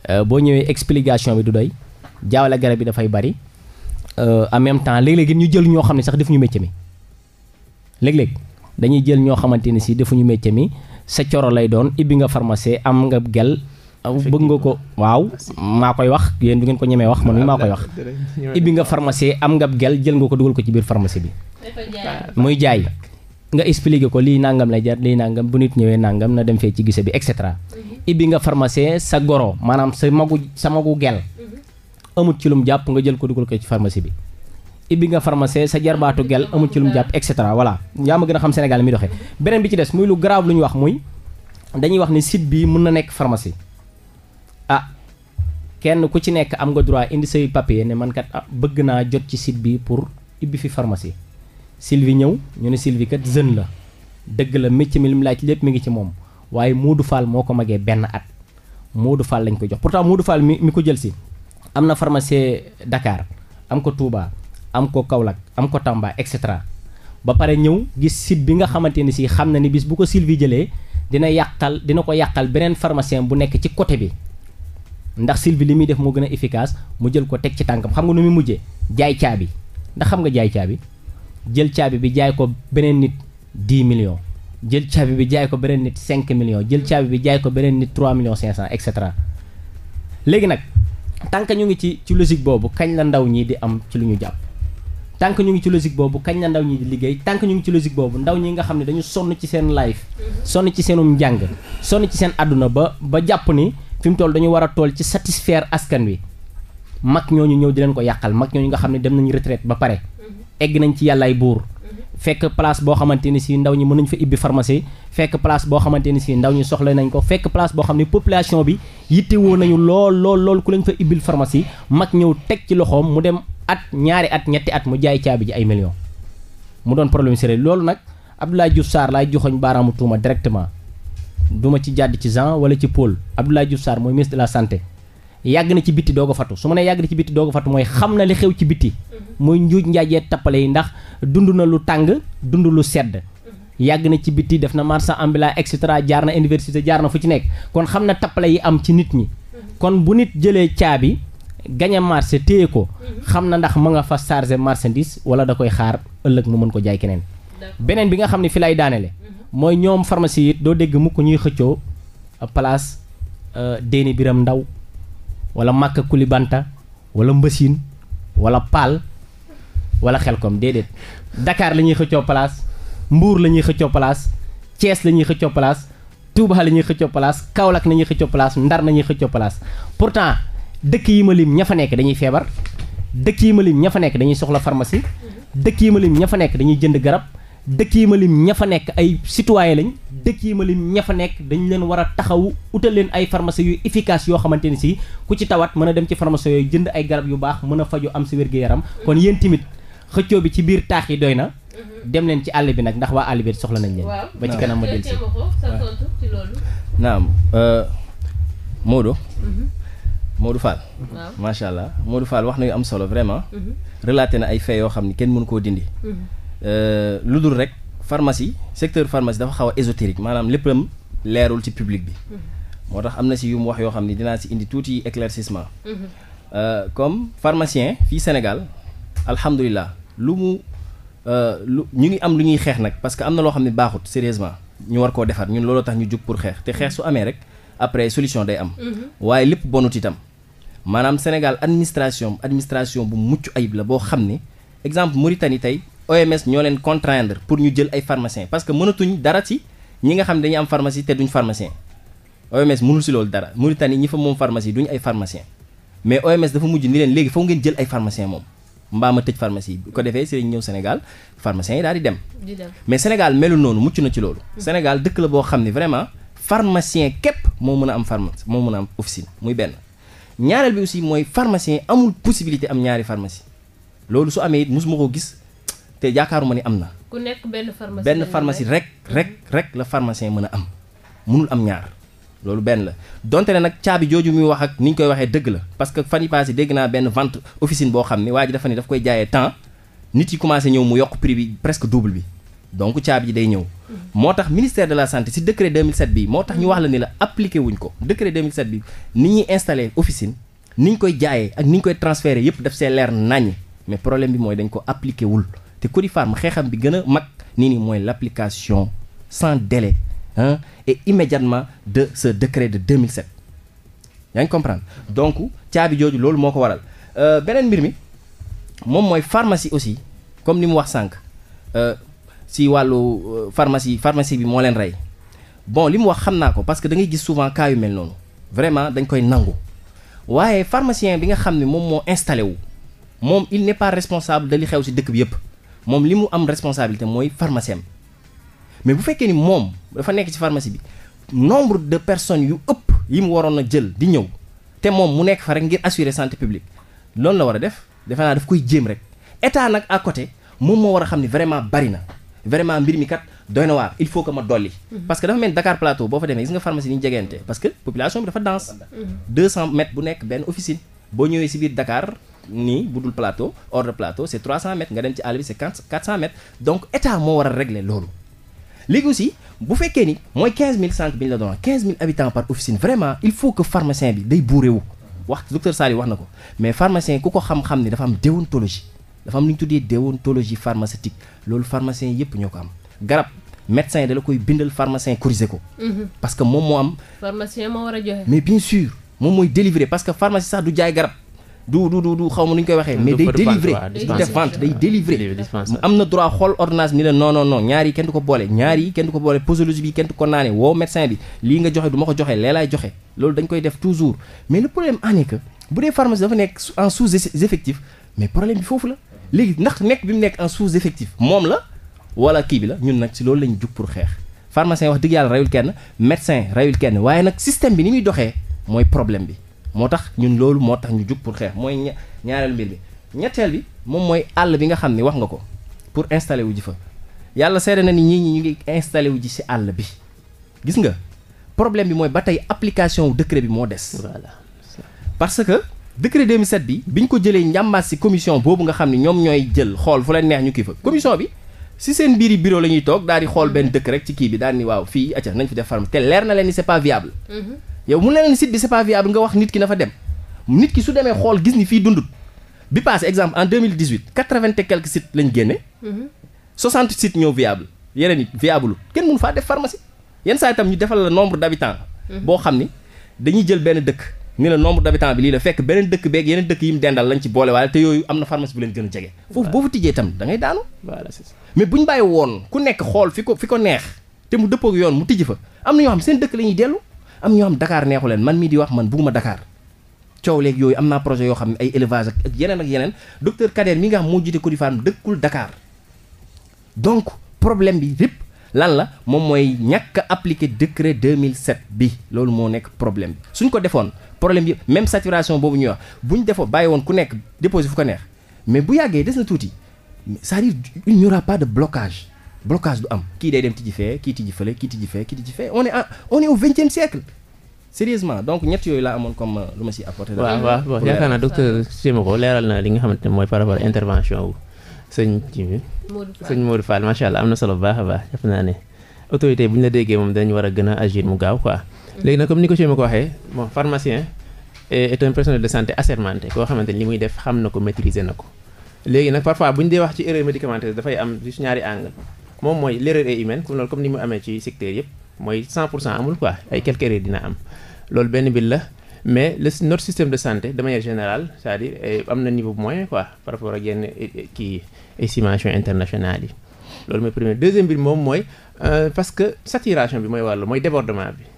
euh, boo ñëwee explication bi du doy jaawale garab bi dafay bari euh, en même temps léeg-léeg ñu jël ñoo xam ne sax defuñu métier mi léeg dañuy jël ñoo xamante ni si defuñu métier mi sa coro lay doon ibbi nga pharmacie am nga gel bëgg nga ko waaw maa koy wax yéen du ngeen ko ñemee wax man mi maa koy wax ibbi nga pharmacie am nga gel jël nga ko dugal ko ci biir pharmacie bi muy jaay nga expliqué ko lii nangam lay jar lii nangam bu nit ñëwee nangam na dem fee ci gise bi et cetera. Mhm. ibbi nga pharmacien sa goro maanaam sa magu sa magu gel mhm. amut ci lum jàpp nga jël ko dugal ko ci pharmacie bi. ibbi nga pharmacien sa jarbaatu gel amut ci lum jàpp et cetera voilà yaa ma gën a xam Sénégal mi doxee. Mhm. beneen bi ci des muy lu grave lu ñu wax muy dañuy wax ni site bii mën na nekk pharmacie ah. kenn ku ci nekk am nga droit indi say papier ne man kat ah, bëgg naa jot ci site bi pour ibbi fi pharmacie Sylvie ñëw ñoo ne Sylvie kat jeune la dëgg la métier mi lim laaj lépp mi ngi ci moom waaye Modou Fall moo ko magee benn at Modou Fall lañ ko jox pourtant Modou Fall mi mi ko jël si am na pharmacie dakaar am ko Touba am ko Kaolack am ko Tamba et cetera ba pare ñëw gis site bi nga xamante ni si xam na ni bis bu ko Sylvie jëlee dina yàqal dina ko yàqal beneen pharmacien bu nekk ci côté bi ndax Sylvie li muy def moo gën a efficace mu jël ko teg ci tànkam xam nga nu mujjee jaay caabi ndax xam nga jaay caabi jël caabi bi jaay ko beneen nit 10 millions jël caabi bi jaay ko beneen nit 5 millions jël caabi bi jaay ko beneen nit 3 millions 500 et cetera léegi nag tant que ñu ngi ci ci logique boobu kañ la ndaw ñi di am ci lu ñu jàpp tant que ñu ngi ci logique boobu kañ la ndaw ñi di liggéey tant que ñu ngi ci logique boobu ndaw ñi nga xam ne dañu sonn ci seen life sonn ci seenum njàng sonn ci seen àdduna ba ba jàpp ni fi mu toll dañu war a toll ci satisfaire askan wi mag ñooñu ñëw di leen ko yàqal mag ñooñu nga xam ne dem nañu retraite ba pare egg nañ ci yàllaay buur mhm. fekk place boo xamante ni sii ndaw ñi mën nañ fa ibbi pharmacie fekk place boo xamante ni sii ndaw ñi soxla nañ ko fekk place boo xam ne population bi yittewoo nañu lool lool ku lañ fa ibbil pharmacie mag ñëw teg ci loxoom mu dem at ñaari at ñetti at mu jaay caabi ji ay millions mu doon problème sérieux loolu nag Abdoulaye Diouf Sarr laay joxoñ baaraamu tuuma directement duma ci jàdd ci Jean wala ci Paul Abdoulaye Diouf Sarr mooy ministre de la santé yàgg na ci bitti doog a fatu su ma nee yàgg na ci bitti doog a fatu mooy xam na li xew ci bitti mhm. muy njuuj njaajee tappale yi ndax dund na lu tàng dund lu sedd mhm. yàgg na ci bitti def na marchand ambulant et cetera jaar na université jaar na fu ci nekk kon xam na tappale yi am ci nit ñi mhm. kon bu nit jëlee caabi gañe marché téye ko xam na ndax ma nga fa chargé marchandise wala da koy xaar ëllëg mu mën ko jaay keneen beneen bi nga xam ne fi lay daanele mooy ñoom pharmacie it doo dégg mukk ñuy xëccoo place euh, Déni Biram Ndaw wala Màkka Kulibanta wala Mbësin wala Paal wala Xelkom déedéet dakaar la ñuy xëccoo place Mbuur la ñuy xëccoo place Thiès la ñuy xëccoo place Touba la ñuy xëccoo place Kaolack la ñuy xëccoo place Ndar nañuy ñuy xëccoo place pourtant dëkk yi ma lim ña fa nekk dañuy feebar dëkk yi ma lim ña fa nekk dañuy soxla pharmacie dëkk yi ma lim ña fa nekk dañuy jënd garab. dëkk yi ma ña fa nekk ay citoyen lañ dëkk yi ma ña fa nekk dañu leen war a taxaw utal leen ay pharmacie yu efficace yoo xamante ni si ku ci tawat mën a dem ci pharmacie yooyu jënd ay garab yu baax mën a faju am si wér-gu-yaram kon yéen tamit xëccoo bi ci biir taax yi doy na dem leen ci àll bi nag ndax waa àll bi soxla nañ leen ba ci kanam ma del si naam euh, Modou mhm. moodu Fall macha allah Modou Fall wax na am solo vraiment mhm. relaté na ay faits yoo xam ni kenn mënu koo dindi mhm. Euh, lu dul rek pharmacie secteur pharmacie dafa xaw a ésotérique maanaam léppam leerul ci public bi. Mhm. moo tax am na si yu mu wax yoo xam ni dinaa si indi tuuti éclaircissement mhm. euh, comme pharmacien fii Sénégal alhamdulilah lu mu euh, lu ñu ngi am lu ñuy xeex nag parce que am na loo xam ne baaxut sérieusement ñu war koo defar ñun looloo tax ñu jug pour xeex te xeex su amee rek après solution day am. Mhm. waaye lépp bonut itam maanaam Sénégal administration administration bu mucc ayib boo xam ne exemple Mauritanie tey OMS ñoo leen contraindre pour ñu jël ay pharmaciens parce que mënatuñ dara ci ñi nga xam ne dañuy am pharmacie te duñ pharmacien OMS mënul si loolu dara Mauritanie ñi fa moom pharmacie duñ ay pharmacien mais OMS dafa mujj ni leen léegi foog ngeen jël ay pharmacien moom mbaa ma tëj pharmacie bu ko defee si lañ ñëw Sénégal pharmaciens yi daal di dem. di dem mais Sénégal melul noonu mucc na ci loolu. Sénégal dëkk la boo xam ne vraiment pharmacien képp moo mën a am pharmacie moo mën am officine muy benn. ñaareel bi aussi mooy pharmacien amul possibilité am ñaari pharmacie loolu su amee it mosuma ko gis te yaakaaruma ni am na. ku nekk benn pharmacie benn pharmacie rek rek rek la pharmacien mën a am munul am ñaar. loolu benn la donte ne nag caabi jooju muy wax ak ni ñu koy waxee dëgg la parce que fan yi passé dégg naa benn vente officine boo xam ne waa ji dafa ne daf koy jaayee temps nit yi commencé ñëw mu yokk prix bi presque double bi donc caabi ji day ñëw. Mm-hmm. moo tax ministère de la santé si décret 2007 bi moo tax ñu wax la ni la appliqué wuñ ko décret 2007 bi ni ñuy installé officine ni ñu koy jaayee ak koy transféré yëpp daf see leer naññ mais problème bi mooy dañ ko appliqué wul. te Corifarm xeexam bi gën a mag nii nii mooy l' application sans délai et immédiatement de ce décret de 2007 yaa ngi comprendre donc caabi jooju loolu moo ko waral euh, beneen mbir mi moom mooy pharmacie aussi comme li mu wax sànq euh, si wàllu euh, pharmacie pharmacie bi moo leen rey bon li mu wax xam naa ko parce que da ngay gis souvent cas yu mel noonu vraiment dañ koy nangu waaye pharmacien bi nga xam ne moom moo installé wu moom il n'est pas responsable de li xew si dëkk bi yëpp. moom li mu am responsabilité mooy pharmacien mais bu fekkee ni moom dafa nekk ci pharmacie bi nombre de personnes yu ëpp yi mu waroon a jël di ñëw te moom mu nekk fa rek ngir assurer santé publique loolu la war a def defe naa koy jéem rek état nag à côté moom moo war a xam ni vraiment bari na vraiment mbir mi kat doy na waar il faut que ma dolli. Mhm. parce que dafa mel Dakar Plateau boo fa demee gis nga pharmacie ni ñu parce que population bi dafa dense. Mhm. bu nekk benn officine boo ñëwee si biir Dakar. nii budul plateau hors de plateau c'est 300 mètres nga dem ci àll bi c'est 400 mètres donc état moo war a régler loolu. léegi aussi bu fekkee ni mooy 15000 sànq bi ñu la doon 15000 habitants par officine vraiment il faut que pharmacien bi day buuree wax docteur Sali wax na ko mais pharmacien ku ko xam-xam ni dafa am déontologie dafa am lu ñu tuddee déontologie pharmaceutique loolu pharmacien yépp ñoo ko am garab. médecin dala koy bindal pharmacien corriger ko. Mhm. parce que moom moo am. pharmacien moo war a joxe. mais bien sûr moom que pharmacie sax du jaay du du du du xaw ma nu ñu koy waxee. mais day délivrer du def vente day délivrer. am na droit xool ordonnance ni la non non non ñaar yi kenn du ko boole ñaar yi kenn du ko boole posologie bi kenn du ko naane woo médecin bi lii nga joxe du ma ko joxe lee laay joxe loolu dañ koy def toujours mais le problème en est que bu dee pharmacie dafa nekk en sous effectif mais problème bi foofu la léegi ndax nekk bi mu nekk en sous effectif moom la wala kii bi la ñun nag si loolu lañu jug pour xeex pharmacien wax dëgg yàlla rayul kenn médecin rayul kenn waaye nag système bi ni muy doxee mooy problème bi moo tax ñun loolu moo tax ñu jug pour xeex mooy ñaareel mbir bi ñetteel bi moom mooy àll bi nga xam ni wax nga ko pour installer wu ji fa yàlla seede na ni ñii ñi ñu ngi installé wu ji si àll bi gis nga problème bi mooy ba tey application wu décret bi moo des. voilà parce que décret 2007 bi biñ ko jëlee njàmbaas si commission boobu nga xam ne ñoom ñooy jël xool fu leen neex ñu kii fa commission bi si seen biir bureau la ñuy toog daa di xool benn dëkk rek ci kii bi daal ni waaw fii acca nañ fi leer na leen ni c'est pas yow mu ne leen site bi c'est pas nga wax nit ki na fa dem nit ki su demee xool gis ni fii dundut bi passé exemple en 2018 quatre-vingt et quelques sites lañ génne. 60 sites ñoo viable yeneen yi viable kenn mënu faa def pharmacie yenn saa itam ñu defal la nombre d'habitants. Mhm. boo xam ni dañuy jël benn dëkk. ni la nombre d'habitants bi lii la fekk beneen dëkk beeg yeneen dëkk yi mu dendal lañ ci boole waaye te yooyu am na pharmacie bu leen gën a jege. foofu boo fa tijjee itam da mais bu ñu bàyyi woon ku nekk xool fi ko fi ko neex te mu dëppoo ak yoon mu tijji fa am na ñoo xam seen dëkk la ñuy dellu am ñoo xam dakaar neexu leen man mii di wax man bugguma dakaar coow léegi yooyu am naa projet yoo xam ne ay élevage ak yeneen ak yeneen docteur Kader mi nga xam moo jiite Codifam dëkkul Dakar donc problème bi yëpp lan la moom mooy ñàkk a appliqué décret 2007 bi loolu moo nekk problème bi suñ ko defoon problème bi même saturation boobu ñuy wax buñ defoon bàyyi woon ku nekk déposé fu ko neex mais bu yàggee des na tuuti c'est-à-dire il blocage blocage du am kii day dem tijji fee kii tijji fële kii tijji fee kii tijji fee on est en on est au vingtième siècle sérieusement donc ñett yooyu laa amoon comme euh, lu ma si apporté. waaw waaw bon yaakaar naa docteur na li nga xamante ne mooy par rapport intervention wu sëñ kii bi. sëñ Modou Fall macha allah am na solo bu baax baax def naa ne autorité bu la déggee moom dañu war a gën a agir mu gaaw quoi. léegi nag comme ni ko Simbako waxee bon pharmacien est un personnel de santé assermenté koo xamante ni li muy def xam na ko maîtriser na ko. léegi nag parfois bu ñu dee wax ci erreur médicamenteuse dafay am juste ñaari angle moom mooy l'erreur est humaine comme loolu comme ni mu amee ci secteur yëpp mooy 100 pour cent amul quoi ay quelques erreurs dina am loolu benn mbir la mais le notre système de santé de manière générale cest dire eh, am na niveau moyen quoi par rapport ak yenn eh, eh, kii estimation internationale yi loolu mooy premier deuxième mbir moom mooy euh, parce que saturation bi mooy wàll mooy débordement bi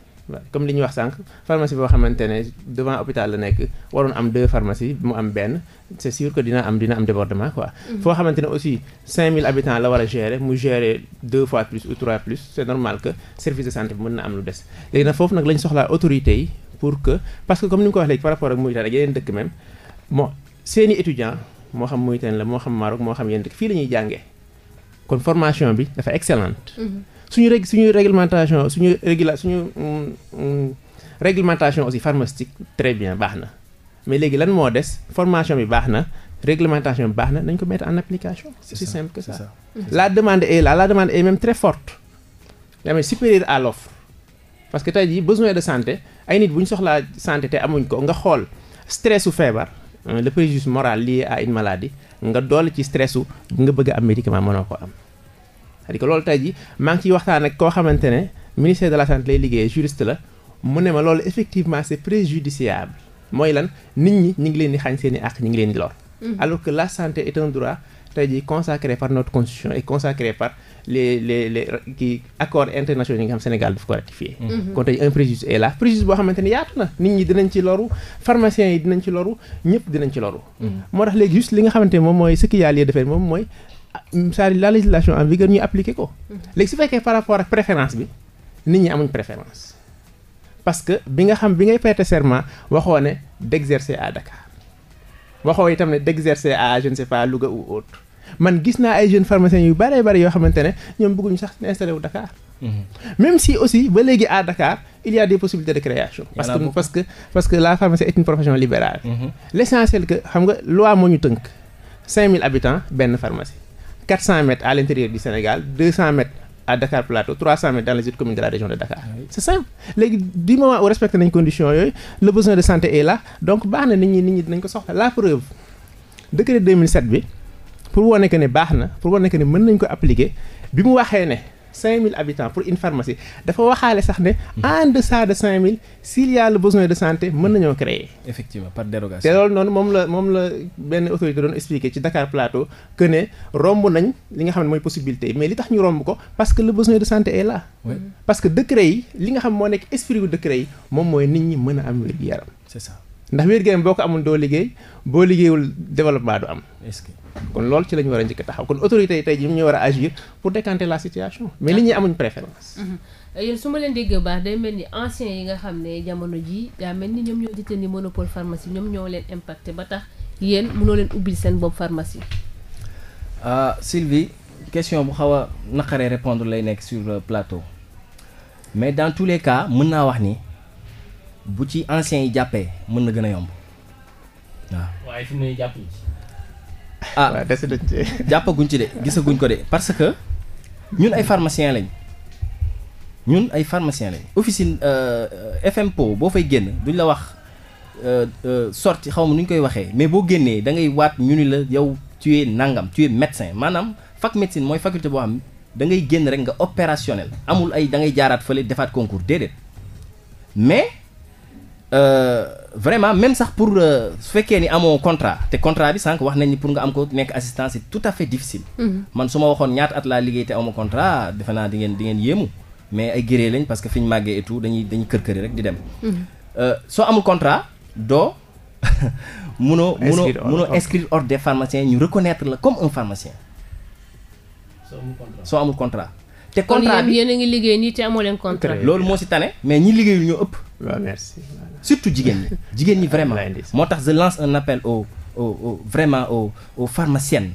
comme li ñu wax sànq pharmacie boo xamante ne devant hôpital la nekk waroon am deux pharmacies mu am benn c'est sûr que dina am dina am débordement quoi. Mm-hmm. foo xamante aussi aussi 5000 habitants la war a gérer mu gérer deux fois plus ou trois plus c'est normal que service de santé bi mën na am lu des léegi nag foofu nag lañ soxlaa autorités yi pour que parce que comme ni nga ko waxee léegi par rapport ak Mauritanie ak yeneen dëkk même bon seeni étudiants moo xam la moo xam Maroc moo xam yeneen fii la ñuy jàngee kon formation bi dafa excellente. Mm-hmm. suñu rég suñu réglementation suñu régula suñu réglementation aussi pharmaceutique très bien baax na mais léegi lan moo des formation bi baax na réglementation bi baax na nañ ko mettre en application c'est aussi simple mm-hmm. la demande est là la demande est même très forte yaa mais supérieure à l'offre parce que tey jii besoin de santé ay nit bu ñu soxlaa santé te amuñ ko nga xool stress su feebar le préjudice moral lié à une maladie nga dool ci stress su nga bëgg a am médicament mënoo ko am cest que loolu tey ji maa ngi ciy waxtaan ak koo xamante ne ministère de la santé lay liggéey juriste la mu ne ma loolu effectivement c'est préjudiciable mooy lan nit ñi ñu ngi leen di xañ seen i ñu ngi leen di lor. Mm-hmm. alors que la santé est un droit tey jii consacré par notre constitution et consacré par les le les kii accords internationaux yi nga xam Sénégal daf ko ratifié. Mm-hmm. Mm-hmm. kon tey un préjudice est là boo xamante ni yaatu na nit ñi dinañ ci loru pharmaciens yi dinañ ci loru ñëpp dinañ ci loru. moo li nga xamante moom mooy ce qu'il c'est-à-dire la législation en vigueur ñu appliquer ko. Mhm. léegi su fekkee par rapport ak préférence bi nit ñi amuñ préférence. parce que bi nga xam bi ngay prêter serment waxoo ne d'exercer à Dakar waxoo tam ne d'exercer à je ne sais pas Louga ou autre man gis naa ay jeunes pharmaciens yu bare bëri yoo xamante ne ñoom bëgguñu sax installé wu Dakar. Mhm. même si aussi ba léegi à Dakar il y a des possibilités de création. parce que parce que parce que la pharmacie est une profession mhm. que xam nga loi moo ñu tënk 5000 habitants benn pharmacie. 400 mètres à l'intérieur du Sénégal 200 mètres à Dakar Plateau 300 mètres dans les autres communes de la région de Dakar c'est simple léegi du moment où respecté nañ yooyu le besoin de santé est là donc baax na nit ñi nit ñi dinañ ko soxla la preuve décret 2007 bi pour wane que ne baax na pour wane que ne mën nañ ko appliquer bi mu waxee ne 5000 habitants pour une pharmacie dafa waxaale sax ne hmm. en deçà de 5000 s'il y a le besoin de santé mën nañoo créer. effectivement te loolu noonu moom la moom la benn autorité doon expliquer ci Dakar Plateau que ne romb nañ li nga xam ne mooy possibilité mais li tax ñu romb ko parce que le besoin de santé est là. Oui. parce que décret yi li nga xam moo nekk esprit bu décret yi moom mooy nit ñi mën a am wér-gu-yaram. c'est ndax wér gu boo ko amul doo liggéey boo liggéeyul développement du am. est kon loolu ci la ñu war a njëkk taxaw kon autorité yi tey jii ñu war a agir pour décanter la situation. mais nit ñi amuñ préférence. Mhm. Euh, yéen su ma leen déggee baax day mel ni anciens yi nga xam ne jamono jii daa mel ni ñoom ñoo di ni monopole pharmacie ñoom ñoo leen impacté ba tax yéen mënoo leen ubbil seen bopp pharmacie. Euh, Sylvie question bu xaw a naqaree répondre lay nekk sur le plateau mais dans tous les cas mën naa wax ni. bu ci anciens yi jàppee mën na gën a yomb waaye fi mu ne ah waaw dese nañ ci. jàppaguñ ci de gisaguñ ko de parce que ñun ay pharmaciens lañ ñun ay pharmaciens lañ officine euh, euh, FMPO boo fay génn duñ la wax euh, sorti xaw ma nu ñu koy waxee mais boo génnee da ngay waat ñu ni la yow tu es nangam tu es médecin maanaam fac médecine mooy faculté boo xam da ngay génn rek nga opérationnel amul ay da ngay jaaraat fële defaat concours déedéet Euh, vraiment même sax pour euh, su fekkee ni amoo contrat te contrat bi sànq wax nañ ni pour nga am ko nekk assistance c'est tout à fait difficile. Mhm. man su ma waxoon ñaata at laa liggéey te amoo contrat defe naa di ngeen di ngeen yéemu mais ay géré lañ parce que fi ñu màggee et tout dañuy dañuy kër këri rek di dem. Mhm. Euh, soo amul contrat doo. munoo munoo munoo inscrire ordre des pharmaciens ñu reconnaître la comme un pharmacien. soo amul contrat soo amul contrat. te contrat bi yéen a ngi liggéey nii te amoo leen contrat. loolu moo si tane mais ñi liggéeyul ñoo ëpp. waaw merci surtout jigéen ñi jigéen ñi vraiment moo tax je lance un appel au au au vraiment au aux pharmaciennes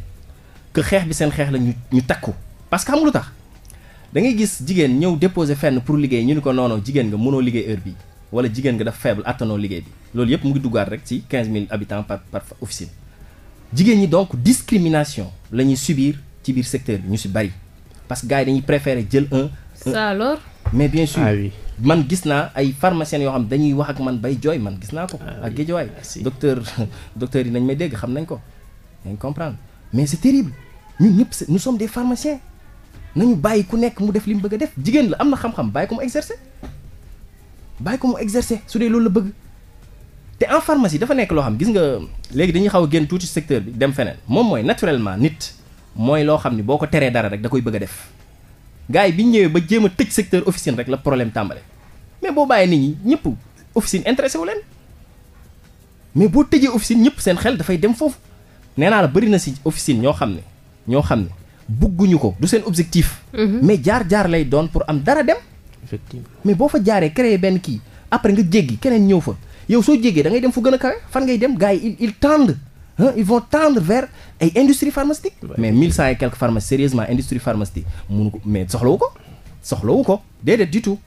xeex bi seen xeex la ñu ñu takku parce que xam nga lu tax da ngay gis jigéen ñëw déposer fenn pour liggéey ñu ni ko noonoo jigéen nga mënoo liggéey heure bi wala jigéen nga dafa faible attanoo liggéey bi loolu yëpp mu ngi duggaat rek ci quinze mille habitants par par officine jigéen ñi donc discrimination la ñuy subir ci biir secteur bi ñu si bari parce que yi dañuy préférer ça alors. mais bien sûr ah man gis naa ay pharmaciens yoo xam dañuy wax ak man bay jooy man gis naa ko. Ah ak géejawaay docteur docteur yi nañ may dégg xam nañ ko. comprendre mais c'est terrible ñu ñëpp c'est nous sommes des pharmaciens nañu bàyyi ku nekk mu def li mu bëgg a def jigéen la am na xam-xam bàyyi ko mu exercer bàyyi ko mu exercer su dee loolu la bëgg. te en pharmacie dafa nekk loo xam gis nga léegi dañuy xaw a génn tuuti secteur bi dem feneen moom mooy naturellement nit mooy loo xam ni boo ko teree dara rek da koy bëgg a def gars yi bi ñu ñëwee ba jéem a tëj secteur officine rek la problème tàmbale mais boo bàyyee nit ñi ñëpp officine intéressé wu leen mais boo tëjee officine ñëpp seen xel dafay dem foofu nee naa la bëri na si officine ñoo xam ne ñoo xam ne bugguñu ko du seen objectif. Mhm. mais jaar-jaar lay doon pour am dara dem. mais boo fa jaaree créer benn kii après nga jéggi keneen ñëw fa yow soo jéggee da ngay dem fu gën a kawe fan ngay dem gars yi ils tendent il ils vont tendre vers ay industrie pharmaceutique mais mille cent et quelques pharmacie sérieusement industrie pharmaceutique munu ko mais soxlawu ko soxlawu ko déedéet du tout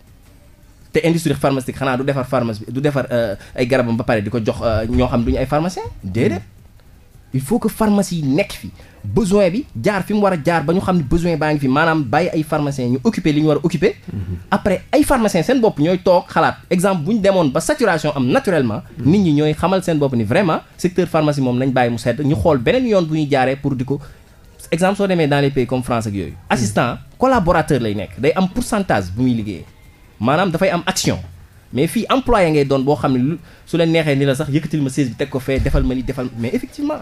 te industrie pharmaceutique xanaa du defar pharmacie du defar euh, ay garabam ba pare di ko jox euh, ñoo xam duñu ay pharmacien déedéet mm. il faut que pharmacie yi nekk fii besoin bi jaar fi mu war a jaar ba ñu xam ne besoin baa ngi fi maanaam bàyyi ay pharmaciens ñu occuper li ñu war a occuper. Mhm. après ay pharmaciens seen bopp ñooy toog xalaat exemple bu ñu demoon ba saturation am naturellement. Mhm. nit ñi ñooy xamal seen bopp ni vraiment secteur pharmacie moom nañ bàyyi mu sedd ñu xool beneen yoon bu ñuy jaaree pour di ko. exemple soo demee dans les pays comme France ak yooyu. Mhm. assistant collaborateur lay nekk day am pourcentage muy liggéeyee maanaam dafay am action. mais fii employé ngay doon boo xam ne su leen neexee ni la sax yëkkatil ma siège bi teg defal ma ni defal mais effectivement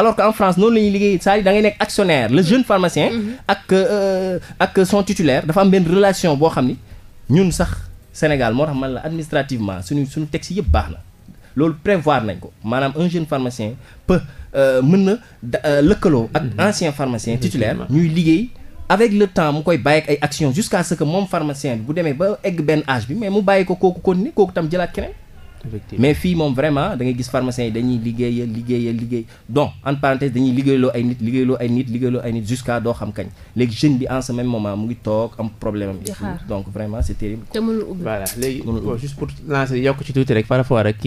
alors que en France noonu la ñuy liggéey saa à dire da ngay nekk actionnaire le jeune pharmacien. Mm-hmm. ak euh, ak son titulaire dafa am benn relation boo xam ni ñun sax Sénégal moo tax man la administrativement suñu suñu si yëpp baax na. loolu prévoir nañ ko maanaam un jeune pharmacien pa euh, mën na euh, lëkkaloo ak mm-hmm. ancien pharmacien titulaire ñuy liggéey avec le temps mu koy bàyyi ay action jusqu'à ce que moom pharmacien bi bu demee ba egg benn âge bi mais mu bàyyi ko kooku continuer kooku tam jëlaat keneen mais fii moom vraiment da ngay gis pharmaciens yi dañuy liggéeyal liggéeyal liggéey donc en parenthèse dañuy liggéeyloo ay nit liggéeyloo ay nit liggéeyloo ay nit jusqu'à doo xam kañ léegi jeune bi en ce même moment mu ngi toog am problème am donc vraiment c'est terrible kii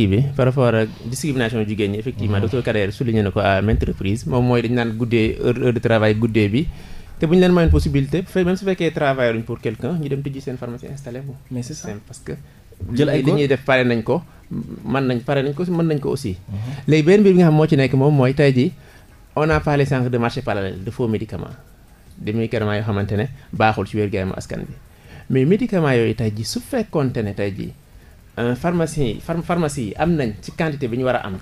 bi par rapport ak discrimination jigéen ñi effectivement mhm. docteur Carrère souligné na ko à maintes seen pharmacie installé bu mais c'est ça que jël ay li ñuy def pare nañ ko mën nañ pare nañ ko mën nañ ko aussi mhm. léegi benn mbir bi nga xam moo ci nekk moom mooy tey ji on a parlé sànq de marché parallèle de faux médicaments de médicaments yoo xamante ne baaxul ci wér-gu-yaramu askan bi mais médicaments yooyu tey ji su fekkoonte ne tey ji euh, pharmacie yi pharmacie yi am nañ ci quantité bi ñu war a am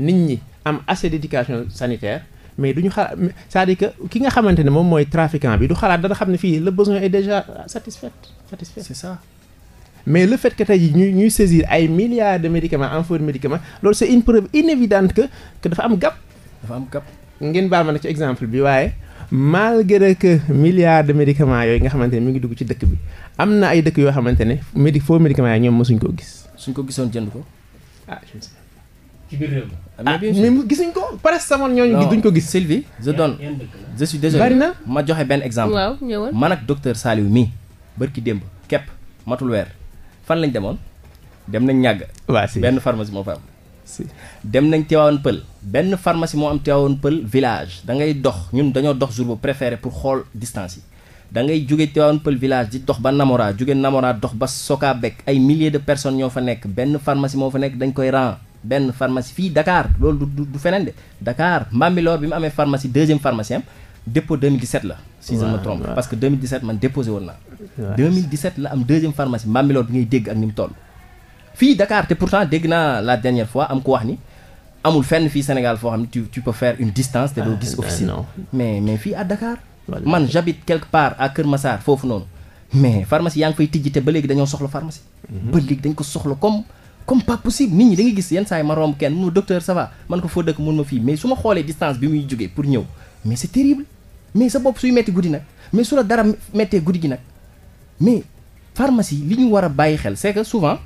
nit ñi am assez d'éducation sanitaire mais du ñu xalaat cest à ki nga xamante ne moom mooy trafiquant bi du xalaat dana xam ne fii le besoin est déjà satisfait satisfait c'est ça mais lu fait que tey jii ñuy ñuy saisir ay milliards de médicaments en faux de loolu c'est une preuve inévidente que dafa am gap. dafa ngeen baal ma nag ci exemple bi waaye malgré que milliards de yooyu nga xamante ne mi ngi dugg ci dëkk bi am na ay dëkk yoo xamante ne médi faux ñoom yi ñoom mosuñ koo gis. suñ ko gisoon jënd ko. ah je sais. ci biir réew ah, mais ah, gisuñ ko presque sama ñooñu duñ ko gis. Sylvie je donne je suis bari na ma joxe benn exemple. waaw man ak docteur Saliou mii barki démb képp matul weer. fan lañ demoon dem nañ ñàgg waa si benn pharmacie moo fa am dem nañ Tivaouane Pël benn pharmacie moo am Tivaouane Pël village da ngay dox ñun dañoo dox jour bu préféré pour xool distance yi da ngay jóge Tivaouane Pël village di dox ba Namora jóge Namora dox ba soo a bekk ay milliers de personnes ñoo fa nekk benn pharmacie moo fa nekk dañ koy rang benn pharmacie fii dakaar loolu du du feneen de Dakar Mbambilor bi mu amee pharmacie deuxième pharmacie am dépôt 2017 la. si je me trompe parce que 2017 man déposé woon naa. 2017 la am deuxième pharmacie Bambilor bi ngay dégg ak ni mu toll. fii Dakar te pourtant dégg naa la dernière fois am ko wax ni amul fenn fii Sénégal foo xam ne tu tu peux faire une distance te doo gis ah, officine mais mais fii à Dakar. man j'habite quelque part à Kër Massar foofu noonu. mais pharmacie yaa ngi fay tijji te ba léegi dañoo soxla pharmacie. Mhm. ba léegi dañ ko soxla comme comme pas possible nit ñi da gis yenn saa yi ma romb kenn mu docteur fii mais su ma xoolee distance bi muy jógee pour ñëw. mais c'est terrible mais sa bopp suy metti guddi nag mais su la dara mettee guddi gi nag mais pharmacie li ñu war a bàyyi xel c'est que souvent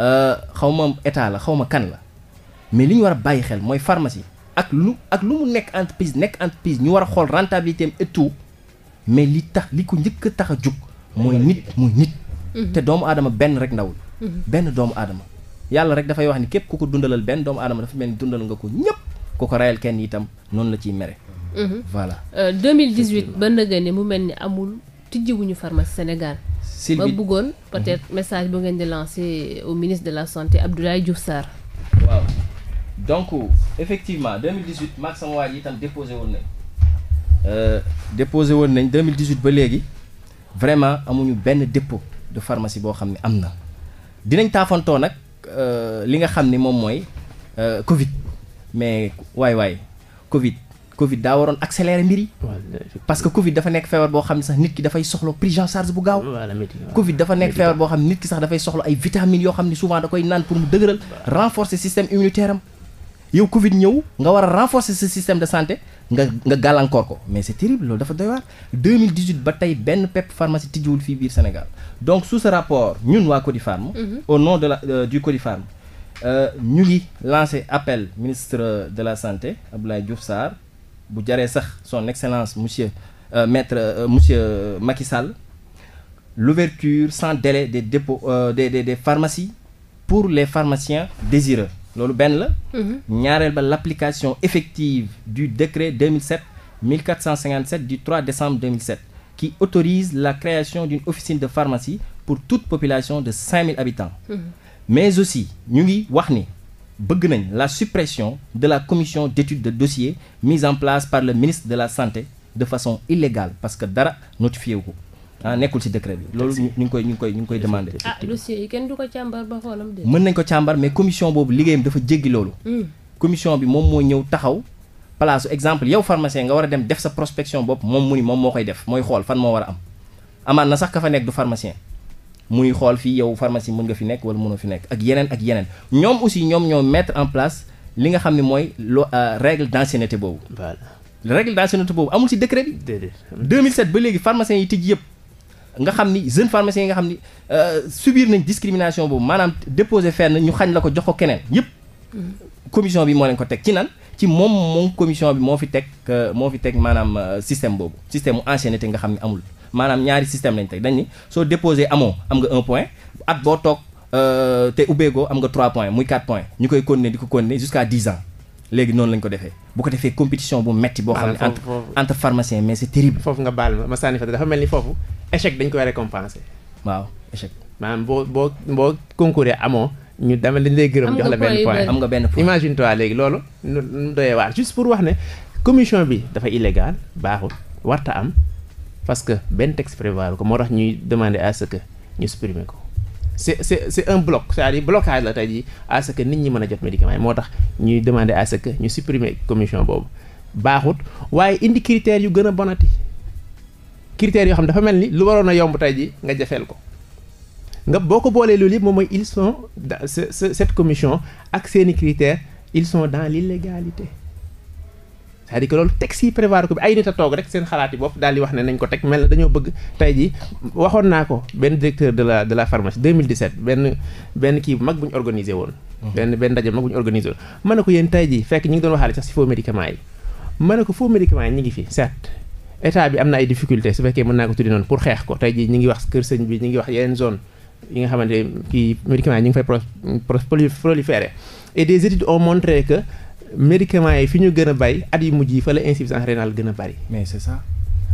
euh, xaw ma état la xaw ma kan la mais li ñu war a bàyyi xel mooy pharmacie ak lu ak lu mu nekk entreprise nekk entreprise ñu war a xool rentabilité am et tout mais li tax li ko njëkk a tax a jug mooy nit muy nit mhm. te doomu aadama benn rek ndawul mhm. benn doomu aadama yàlla rek dafay wax ni képp ku ko dundalal benn doomu aadama dafa mel ni dundal nga ko ñëpp ko rayal kenn itam noonu la ciy mere Mhm. voilà. 2018 euh, ba nga ne mu mel ni amul tijjiwuñu pharmacie Sénégal. Sylvie ma bëggoon mhm. peut-être message bu ngeen di lancer au ministre de la santé Abdoulaye Diouf Sarr. waaw donc effectivement 2018 maag sama waa ji itam déposé woon nañ. Euh, déposé woon nañ 2018 ba léegi vraiment amuñu benn dépo de pharmacie boo xam ne am na dinañ taafantoo nag euh, li nga xam ni moom mooy Covid mais waay waay Covid. Covid daa waroon accélérer mbir yi. parce que Covid dafa nekk feebar boo xam ne sax nit ki dafay soxla prise en charge bu gaaw. Covid dafa nekk feebar boo xam nit ki sax dafay soxla ay vitamines yoo xam ne souvent da koy naan pour mu dëgëral. renforcer système immunitaire yow Covid ñëw nga war a renforcer sa système de santé nga nga gàllankoor ko mais c'est terrible loolu dafa doy waar 2018 ba tey benn PEP pharmacie tijjiwul fii biir Sénégal donc sous ce rapport ñun waa Codifarm. Mm-hmm. au nom de la euh, du Codifarm. Euh, ñu ngi lancé appel ministre de la santé Abdoulaye Diouf Sarr. bu jaree sax son excellence monsieur euh, maître euh, monsieur Macky Sall l'ouverture sans délai des dépôts euh, des des des pharmacies pour les pharmaciens désireux loolu benn la. Mhm. ñaareel ba l'application effective du décret 2007 1457 du 3 décembre 2007 qui autorise la création d'une officine de pharmacie pour toute population de 5000 habitants. Mm -hmm. mais aussi ñu ngi wax ni. bëgg nañ la suppression de la commission d'étude de dossier mise en place par le ministre de la santé de façon illégale parce que dara notifié ko ah nekkul ci décret bi loolu ñu ngi koy ñu ngi koy ñu ngi koy demandé. ah dossier yi kenn du ko càmbar ba xoolam de. mën nañ ko càmbar mais commission boobu liggéeyam dafa jéggi loolu. Hmm. commission bi moom moo ñëw taxaw. place exemple yow pharmacien nga war a dem def sa prospection bopp moom mu ni moom moo koy def mooy xool fan moo war a am na sax fa nekk du pharmacien. muy xool fii yow pharmacie mën nga fi nekk wala mënoo fi nekk ak yeneen ak yeneen ñoom aussi ñoom ñoo mettre en place li nga xam ne mooy loo euh, règle d'ancienneté boobu. voilà règle d'ancienneté boobu amul si décret bi. déedéet 2007 ba léegi pharmaciens yi tijji yëpp. nga xam ni jeune pharmacien yi nga xam ni euh, subir nañ discrimination boobu maanaam déposé fenn ñu xañ la ko jox ko keneen yëpp. Mm-hmm. commission bi moo leen ko teg ci nan ci moom moom commission bi moo fi teg euh, moo fi teg maanaam système boobu système mu ancienneté nga xam ni amul. maanaam ñaari système lañ teg dañ ni soo déposé amoo am nga un point at boo toog euh, te ubbeegoo am nga trois points muy quatre points ñu koy continuer di ko continuer jusqu'à dix ans noonu lañ ko defee bu ko defee compétition bu metti boo xam ne ah, entre entre pharmacien mais c'est terrible foofu nga baal ma ma sànni fa dafa mel ni foofu échec dañ koy récompenser waaw échec maanaam boo boo boo concourir amoo ñu dama dañ lay gërëm jox la benn point am nga benn point imagine toi léegi loolu nu doyee waar juste pour wax ne commission bi dafa illégal baaxul warta am parce que benn texte prévoir ko moo tax ñuy demander à ce que ñu supprimer ko c'est c'est c'est un bloc c'est-à-dire la tey jii à ce que nit ñi mën a jot médicament yi moo tax ñuy demander à ce que ñu supprimer commission boobu baaxut waaye indi critères yu gën a bonati critères yoo xam dafa mel ni lu waroon a yomb tey jii nga jafeel ko nga boo ko boolee loolu yëpp moom mooy ils sont cette commission ak seeni critères ils son dans l'illégalité c'est-à-dire ko bi ay nit a toog rek seen xalaat yi bopp daal di wax ne nañ ko teg mel na dañoo bëgg tey ji waxoon naa ko benn directeur de la pharmacie benn kii mag bu ñu woon mhm. benn ndaje mag bu ñu woon mën na ko yéen tey ji fekk ñu ngi doon waxaale sax si faux médicament yi mën na ko faux médicament yi ñu ngi fi certes état bi am na ay difficulté su fekkee mën naa ko tuddi noonu pour xeex ko tey ji ñu ngi wax kër sëñ bi ñu médicaments yi fi ñu gën a bay at yu mujj yi fa la insuffisance rénale gën a bari. mais c'est ça.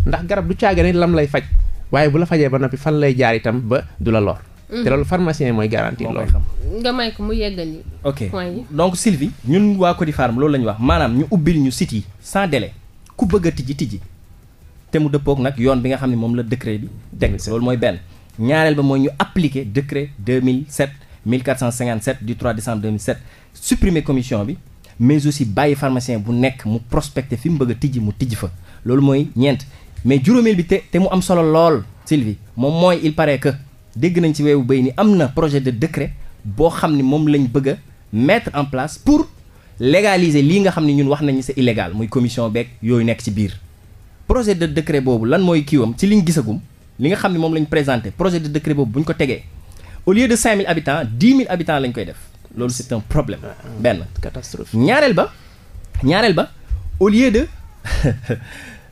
ndax garab du caagane lam lay faj waaye bu la fajee ba noppi fan lay jaar itam ba du la lor. Mm. te loolu pharmacien mooy garanti loolu. nga may ko mu yeggali. ok donc Sylvie. ñun waa Codifarm loolu la ñu wax maanaam ñu ubbil ñu site yi sans délai ku bëgg a tijji tijji te mu dëppook nag yoon bi nga xam ne moom la décret bi mooy benn. ñaareel ba mooy ñu appliquer décret 2007 1457 du 3 décembre 2007 supprimer commission bi. mais aussi bàyyi pharmacien bu nekk mu prospecte fi mu bëgg a tijji mu tijji fa loolu mooy ñeent mais juróomeel bi te te mu am solo lool Sylvie moom mooy il paraît que dégg nañ ci weewu béy ni am na projet de décret boo xam ni moom lañ bëgg a mettre en place pour légaliser lii nga xam ni ñun wax nañu c'est illégal muy commission beeg yooyu nekk ci biir projet de décret boobu lan mooy kiiwam ci liñ gisagum li nga xam ne moom lañ présenté projet de décret boobu buñ ko tegee au lieu de cinq mille habitants dix mille habitants lañ koy def loolu c'est un problème benn catastrophe ñaareel ba ñaareel ba au lieu de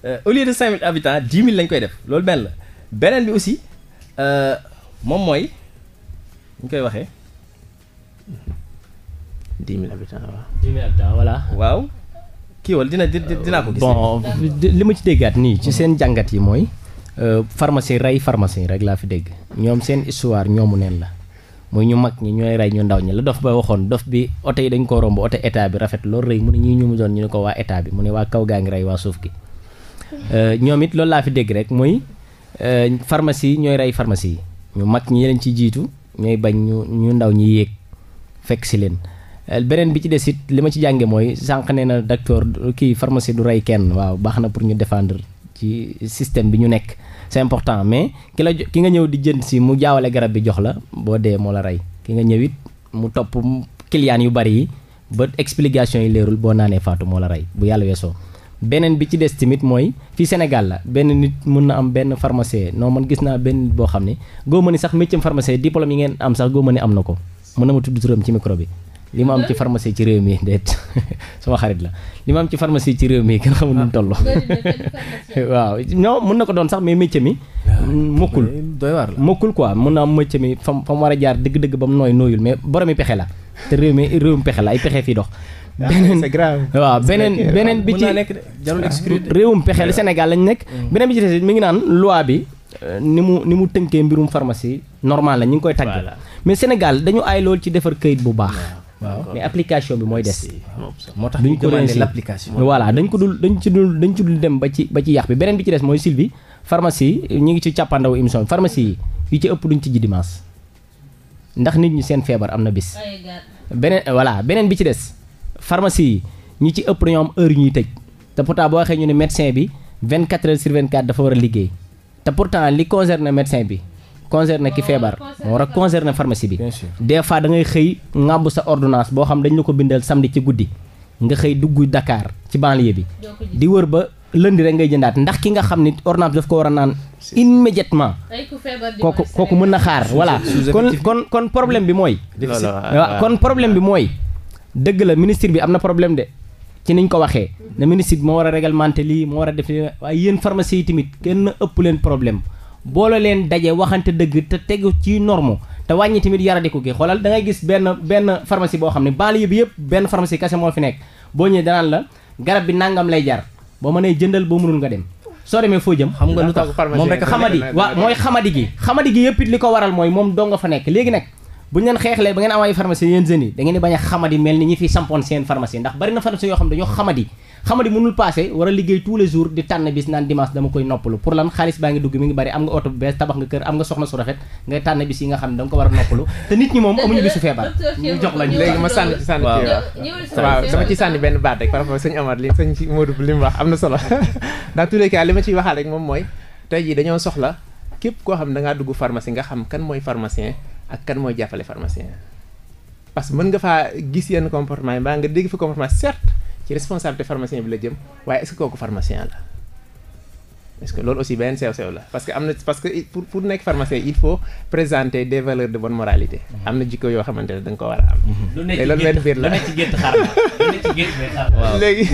euh, au lieu de cinq mille habitants lañ koy def loolu benn la beneen bi aussi euh, moom mooy ñu koy waxee dix mille habitants waaw. dix mille habitants voilà. waaw kii wal dina dinaa ko gis. bon li ma ci déggaat nii ci seen jàngat yi mooy euh, pharmacie rey pharmacie rek laa fi dégg ñoom seen histoire ñoomu neen la. muy ñu mag ñi ñooy rey ñu ndaw ñi la dof ba waxoon dof bi oto yi dañ ko romb oto état bi rafet loolu rëy mu ne ñii ñu mu doon ñu ne ko waa état bi mu ne waa kaw gaa ngi rey waa suuf gi euh, ñoom it loolu laa fi dégg rek muy euh, pharmacie yi ñooy rey pharmacie yi ñu mag ñi leen ci jiitu ñooy bañ ñu ñu ndaw ñi yéeg fekk si leen euh, beneen bi ci des it li ma ci jànge mooy sànq nee na docteur kii pharmacie du rey kenn waaw baax na pour ñu défendre ci système bi ñu nekk c'est important mais ki la ki nga ñëw di jënd si mu jaawale garab bi jox la boo dee moo la rey ki nga ñëw it mu topp kiliyaan yu bari yi ba explication yi leerul boo naanee faatu moo la rey bu yàlla weesoo. beneen bi ci des tamit mooy fii Sénégal la benn nit mun na am benn pharmacien noo man gis naa benn nit boo xam ne góob ma ni sax métier pharmacien diplôme yi ngeen am sax góob ma ni am na ko mën na ma tudd turam ci micro bi. li ma am ci pharmacie ci réew mi déet sama xarit la li ma am ci pharmacie ci réew mii kenn xamul nu mu toll. Ah. waaw non mën na ko doon sax mais métier mi. Ah, mokkul doy waar la mën naa am mi fa mu war a jaar dëgg-dëgg ba mu nooy nooyul mais boromi pexe la te mi réewum pexe la ay pexe fii dox. Ah, beneen c'est grave waaw beneen beneen réewum pexe Sénégal lañ nekk. Mm. beneen bi ci des mi ngi naan loi bi euh, ni mu ni mu tënkee mbirum pharmacie normal la ñu ngi koy tàgg mais Sénégal dañu ay loolu ci defar kayit bu baax. waaw mais application bi mooy des. moo tax duñ ko demander l'application. voilà dañ ko dul dañ ci dul dañ ci dul dem ba ci ba ci yàq bi beneen bi ci des mooy Sylvie pharmacie ñu ngi ci càppandawu émission bi pharmacie yi ci ëpp duñu ci ji dimanche ndax nit ñi seen feebar am na bis. beneen voilà beneen bi ci des pharmacie yi ñi ci ëpp dañoo am heure yu ñuy tëj te pourtant boo waxee ñu ne médecin bi 24 heures sur 24 dafa war a liggéey te pourtant li concerne médecin bi. concerné ki feebar moo war a concerné pharmacie bi des fois da xëy ŋàbb sa ordonnance boo xam dañu la ko bindal samedi ci guddi nga xëy dugg dakaar ci banlieue bi di wër ba lënd rek ngay jëndaat ndax ki nga xam ni ordonnance daf ko war a naan immédiatement kooku kooku mën na xaar voilà kon kon kon problème bi mooy waaw kon problème bi mooy dëgg la ministre bi am na problème de ci niñ ko waxee ne ministre bi moo war a réglementé lii moo war a def waaye yéen tamit kenn ëpp leen problème boole leen daje waxante dëgg te tegu ci norme te wàññi tamit yaradiku gi xoolal da ngay gis benn benn pharmacie boo xam ne baal bi yëpp benn pharmacie kese moo fi nekk boo ñëwee danaan la garab bi nangam lay jar boo mënee jëndal boo mënul nga dem soo demee foo jëm xam nga lu tax moom rek xamadi waa mooy xamadi gi xamadi gi yëpp li ko waral mooy moom doo nga fa nekk léegi nag bu ñu leen xeexlee ba ngeen am ay pharmacie yéen jeunes yi da a xamadi mel ni ñi fi sampoon seen pharmacie ndax bari na pharmacie yoo xam ne dañoo xamadi xamadi mënul passé a liggéey a noppalu te nit ñi moom amuñu bisu feebar ñu jox lañ léegi ma sànni ci sànni benn baat rek par rapport sëñ Amar li sëñ ci Modou li mu wax am na solo ndax tous les cas li ma ciy waxaal rek moom mooy tey jii dañoo soxla képp koo xam ne dangaa dugg pharmacie nga xam kan mooy pharmacien ak kan mooy jàppale pharmacien parce que mën nga faa gis yenn comportement yi mbaa nga dégg fa comportement certes ci responsabilité pharmacien bi la jëm waaye est-ce que kooku pharmacien la est que loolu aussi benn sew sew la parce que am na parce que pour pour nekk pharmacien il faut présenter des valeurs de bonne moralité. Mhm. am na jikko yoo xamante ne da ko war a am. te mhm. loolu benn biir la lu ne ci ci gétt la. léegi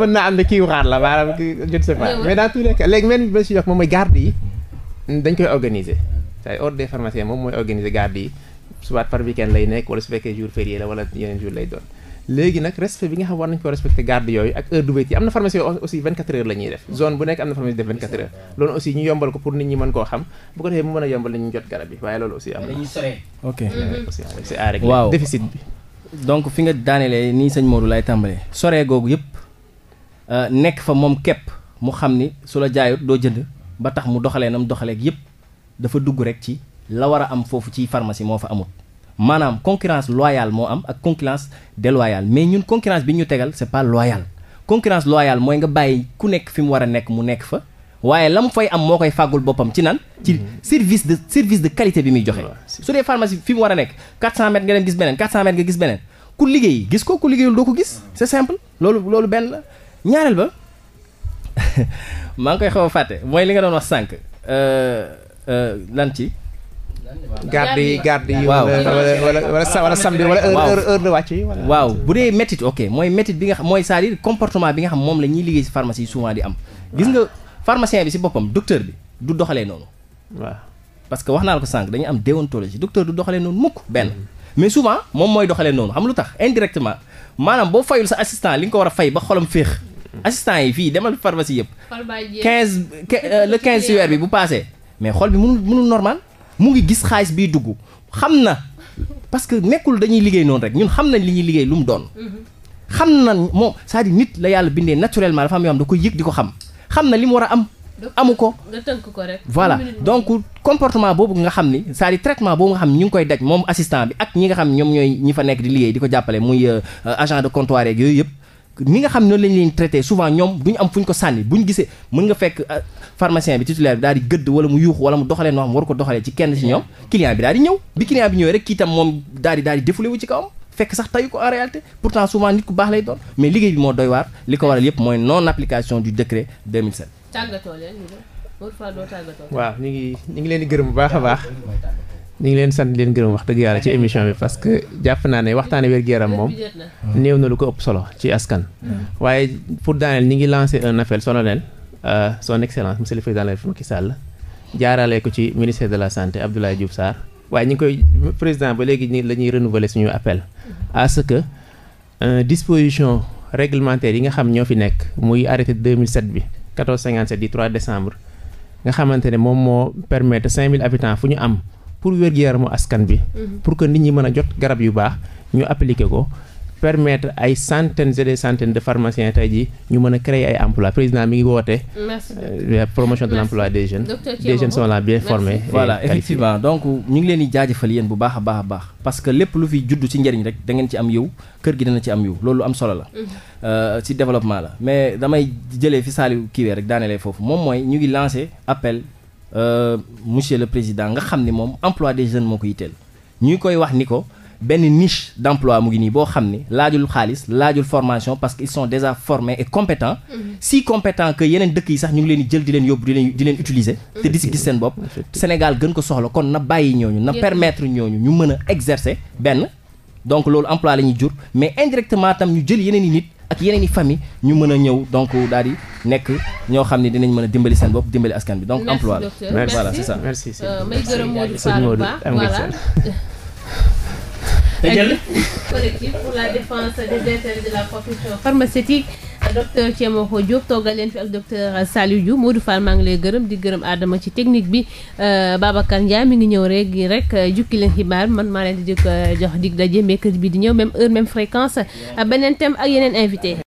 mën naa am ne kii xaar la maanaam je ne sais pas mais dans tous les cas léegi man bi si yokk moom mhm. koy organiser. c'est ordre des pharmaciens moom mooy organiser garde yi soit par weekend lay nekk wala su fekkee jour férié la wala yeneen jour lay doon léegi nag respect bi nga xam war nañu ko respecté garde yooyu ak heure d'ouverture yi am na pharmacie aussi 24 heures la ñuy def zone bu nekk am na pharmacie def 24 heures loolu aussi ñu yombal ko pour nit ñi mën koo xam bu ko defee mu mën a yombal nañu jot garab yi waaye loolu aussi am na ok c'est à régler waaw déficit bi donc fi nga daanelee yëpp euh, nekk fa moom képp mu xam ni su la jaayut doo jënd ba tax mu doxalee nam doxaleeg yëpp dafa dugg rek ci la war a am foofu ci pharmacie moo fa amut maanaam concurrence loyal moo am ak concurrence déloyale mais ñun concurrence bi ñu tegal c'est pas loyale concurrence loyal mooy nga bàyyi ku nekk fi mu war a nekk mu nekk fa waaye la mu am moo koy fàggul boppam ci nan ci mm-hmm. service de service de qualité bi muy joxe su dee fi mu war a nekk 400 mètres nga dem gis beneen 400 mètres nga gis beneen ku liggéey gis ko ku liggéeyul doo ko gis mm-hmm. c'est simple loolu loolu benn la ñaareel ba maa ngi koy xaw a fàtte mooy li nga doon wax sànq euh, Euh, lan ci. garde yi garde yi wala wala wala samedi wala heure heure de wàcc yi. waaw bu dee métit ok mooy métit bi nga xam mooy cest à comportement bi nga xam moom lañuy ñuy liggéey ci pharmacie yi souvent di am. gis nga pharmacien bi ci boppam docteur bi du doxalee noonu. waaw parce que wax naa la ko sànq dañu am déontologie docteur du doxalee noonu mukk benn. mais souvent moom mooy doxalee noonu xam lu tax indirectement maanaam boo fayul sa assistant li nga war a fay ba xolam féex. assistant yi fii demal pharmacie yëpp. 15 euh, le 15 weer bi bu paasee. mais xol bi mënul mënul normal mu ngi gis xaalis biy dugg xam na parce que nekkul dañuy liggéey noonu rek ñun xam nañ li ñuy liggéey lu mu doon. Mm-hmm. xam na moom cest à nit la yàlla bindee naturellement dafa am yoo xam da koy yëg di ko xam xam na li mu war a am. amu ko nga tënk ko rek. voilà donc comportement boobu nga xam ni c'est-à-dire traitement boobu nga xam ñu ngi koy daj moom assistant bi ak ñi nga xam ñoom ñooy ñi fa nekk di liggéey di ko jàppale muy euh, agent de comptoir yeeg ni nga xam noonu lañ leen traité souvent ñoom duñu am fuñ ko sànni buñ gisee mën nga fekk euh, pharmacien bi titulaire bi daal gëdd wala mu yuuxu wala mu doxalee noo xam war ko doxalee ci kenn ci ñoom client bi daal di ñëw bi client bi ñëwee rek kii tam moom daal di daal di défoulé wu fekk sax tayu ko en réalité pourtant souvent nit ku baax lay doon mais liggéey bi moo doy waar li ko waral yépp mooy non application du décret 2007 tàggatoo leen ngi leen di gërëm bu baax a baax ñu ngi leen sant leen gërëm wax dëgg yàlla ci émission bi parce que jàpp naa ne waxtaane wér-gu-yaram moom néew na lu ko ëpp solo ci askan hmm. waaye pour daaneel ñi ngi lancé un appel solennel euh, son excellence monsieur président de la République Macky Sall jaarale ko ci ministère de la santé Abdoulaye Diouf Sarr waaye ñu ngi koy président ba léegi la ñuy renouveler suñu appel à que euh, disposition réglementaire yi nga xam ñoo fi nekk muy arrêté 2007 bi 1457 du 3 décembre nga xamante ne moom moo permettre 5000 habitants fu ñu am pour wér-gu-yaramu askan bi. Mhm. pour que nit ñi mën a jot garab yu baax ñu appliquer ko. permettre ay centaines et des centaines de pharmaciens tey jii ñu mën a créer ay emplois président mi ngi woote. Euh, promotion de l' des jeunes. des jeunes sont là bien formés. voilà effectivement donc ñu ngi leen di jaajëfal yéen bu baax a baax a baax. parce que lépp lu fi juddu ci njëriñ rek da ngeen ci am yiw kër gi dana ci am yiw loolu am solo la. si mhm. euh, développement la mais damay jëlee fi Saliou kiiwee rek daanelee foofu moom mooy ñu ngi Euh, monsieur le président nga xam ni moom emploi des jeunes moo ko yitteel ñu koy wax ni ko benn niche demploi mu ngi nii boo xam ni laajul xaalis laajul formation parce que ils sont déjà formés et compétents mm-hmm. si compétents que yeneen dëkk yi sax ñu ngi leen di jël di leen yóbbu di leen di leen utiliser te di si gis seen bopp Sénégal gën ko soxla kon na bàyyi ñooñu na permettre ñooñu ñu mën a exercer benn donc loolu emploi la ñuy jur mais indirectement tam ñu jël yeneen i nit ak yeneen i famille ñu mën a ñëw donc daal di nekk ñoo xam ne dinañ mën a dimbali seen bopp dimbali askan bi donc emploi la voilà c'est ça merci euh, may gërëm Modou pour la défense des intérêts de la profession pharmaceutique docteur Thiemokho Diouf toogal leen fi ak docteur Saliou Diouf Modou Fall maa ngi lay gërëm di gërëm aadama ci technique bi euh, Babacar Ndiaye mi ngi ñëw rek rek euh, jukki leen xibaar man maa leen di jëkk euh, jox dig daje mercredi bi di ñëw même heure même fréquence beneen thème ak yeneen invité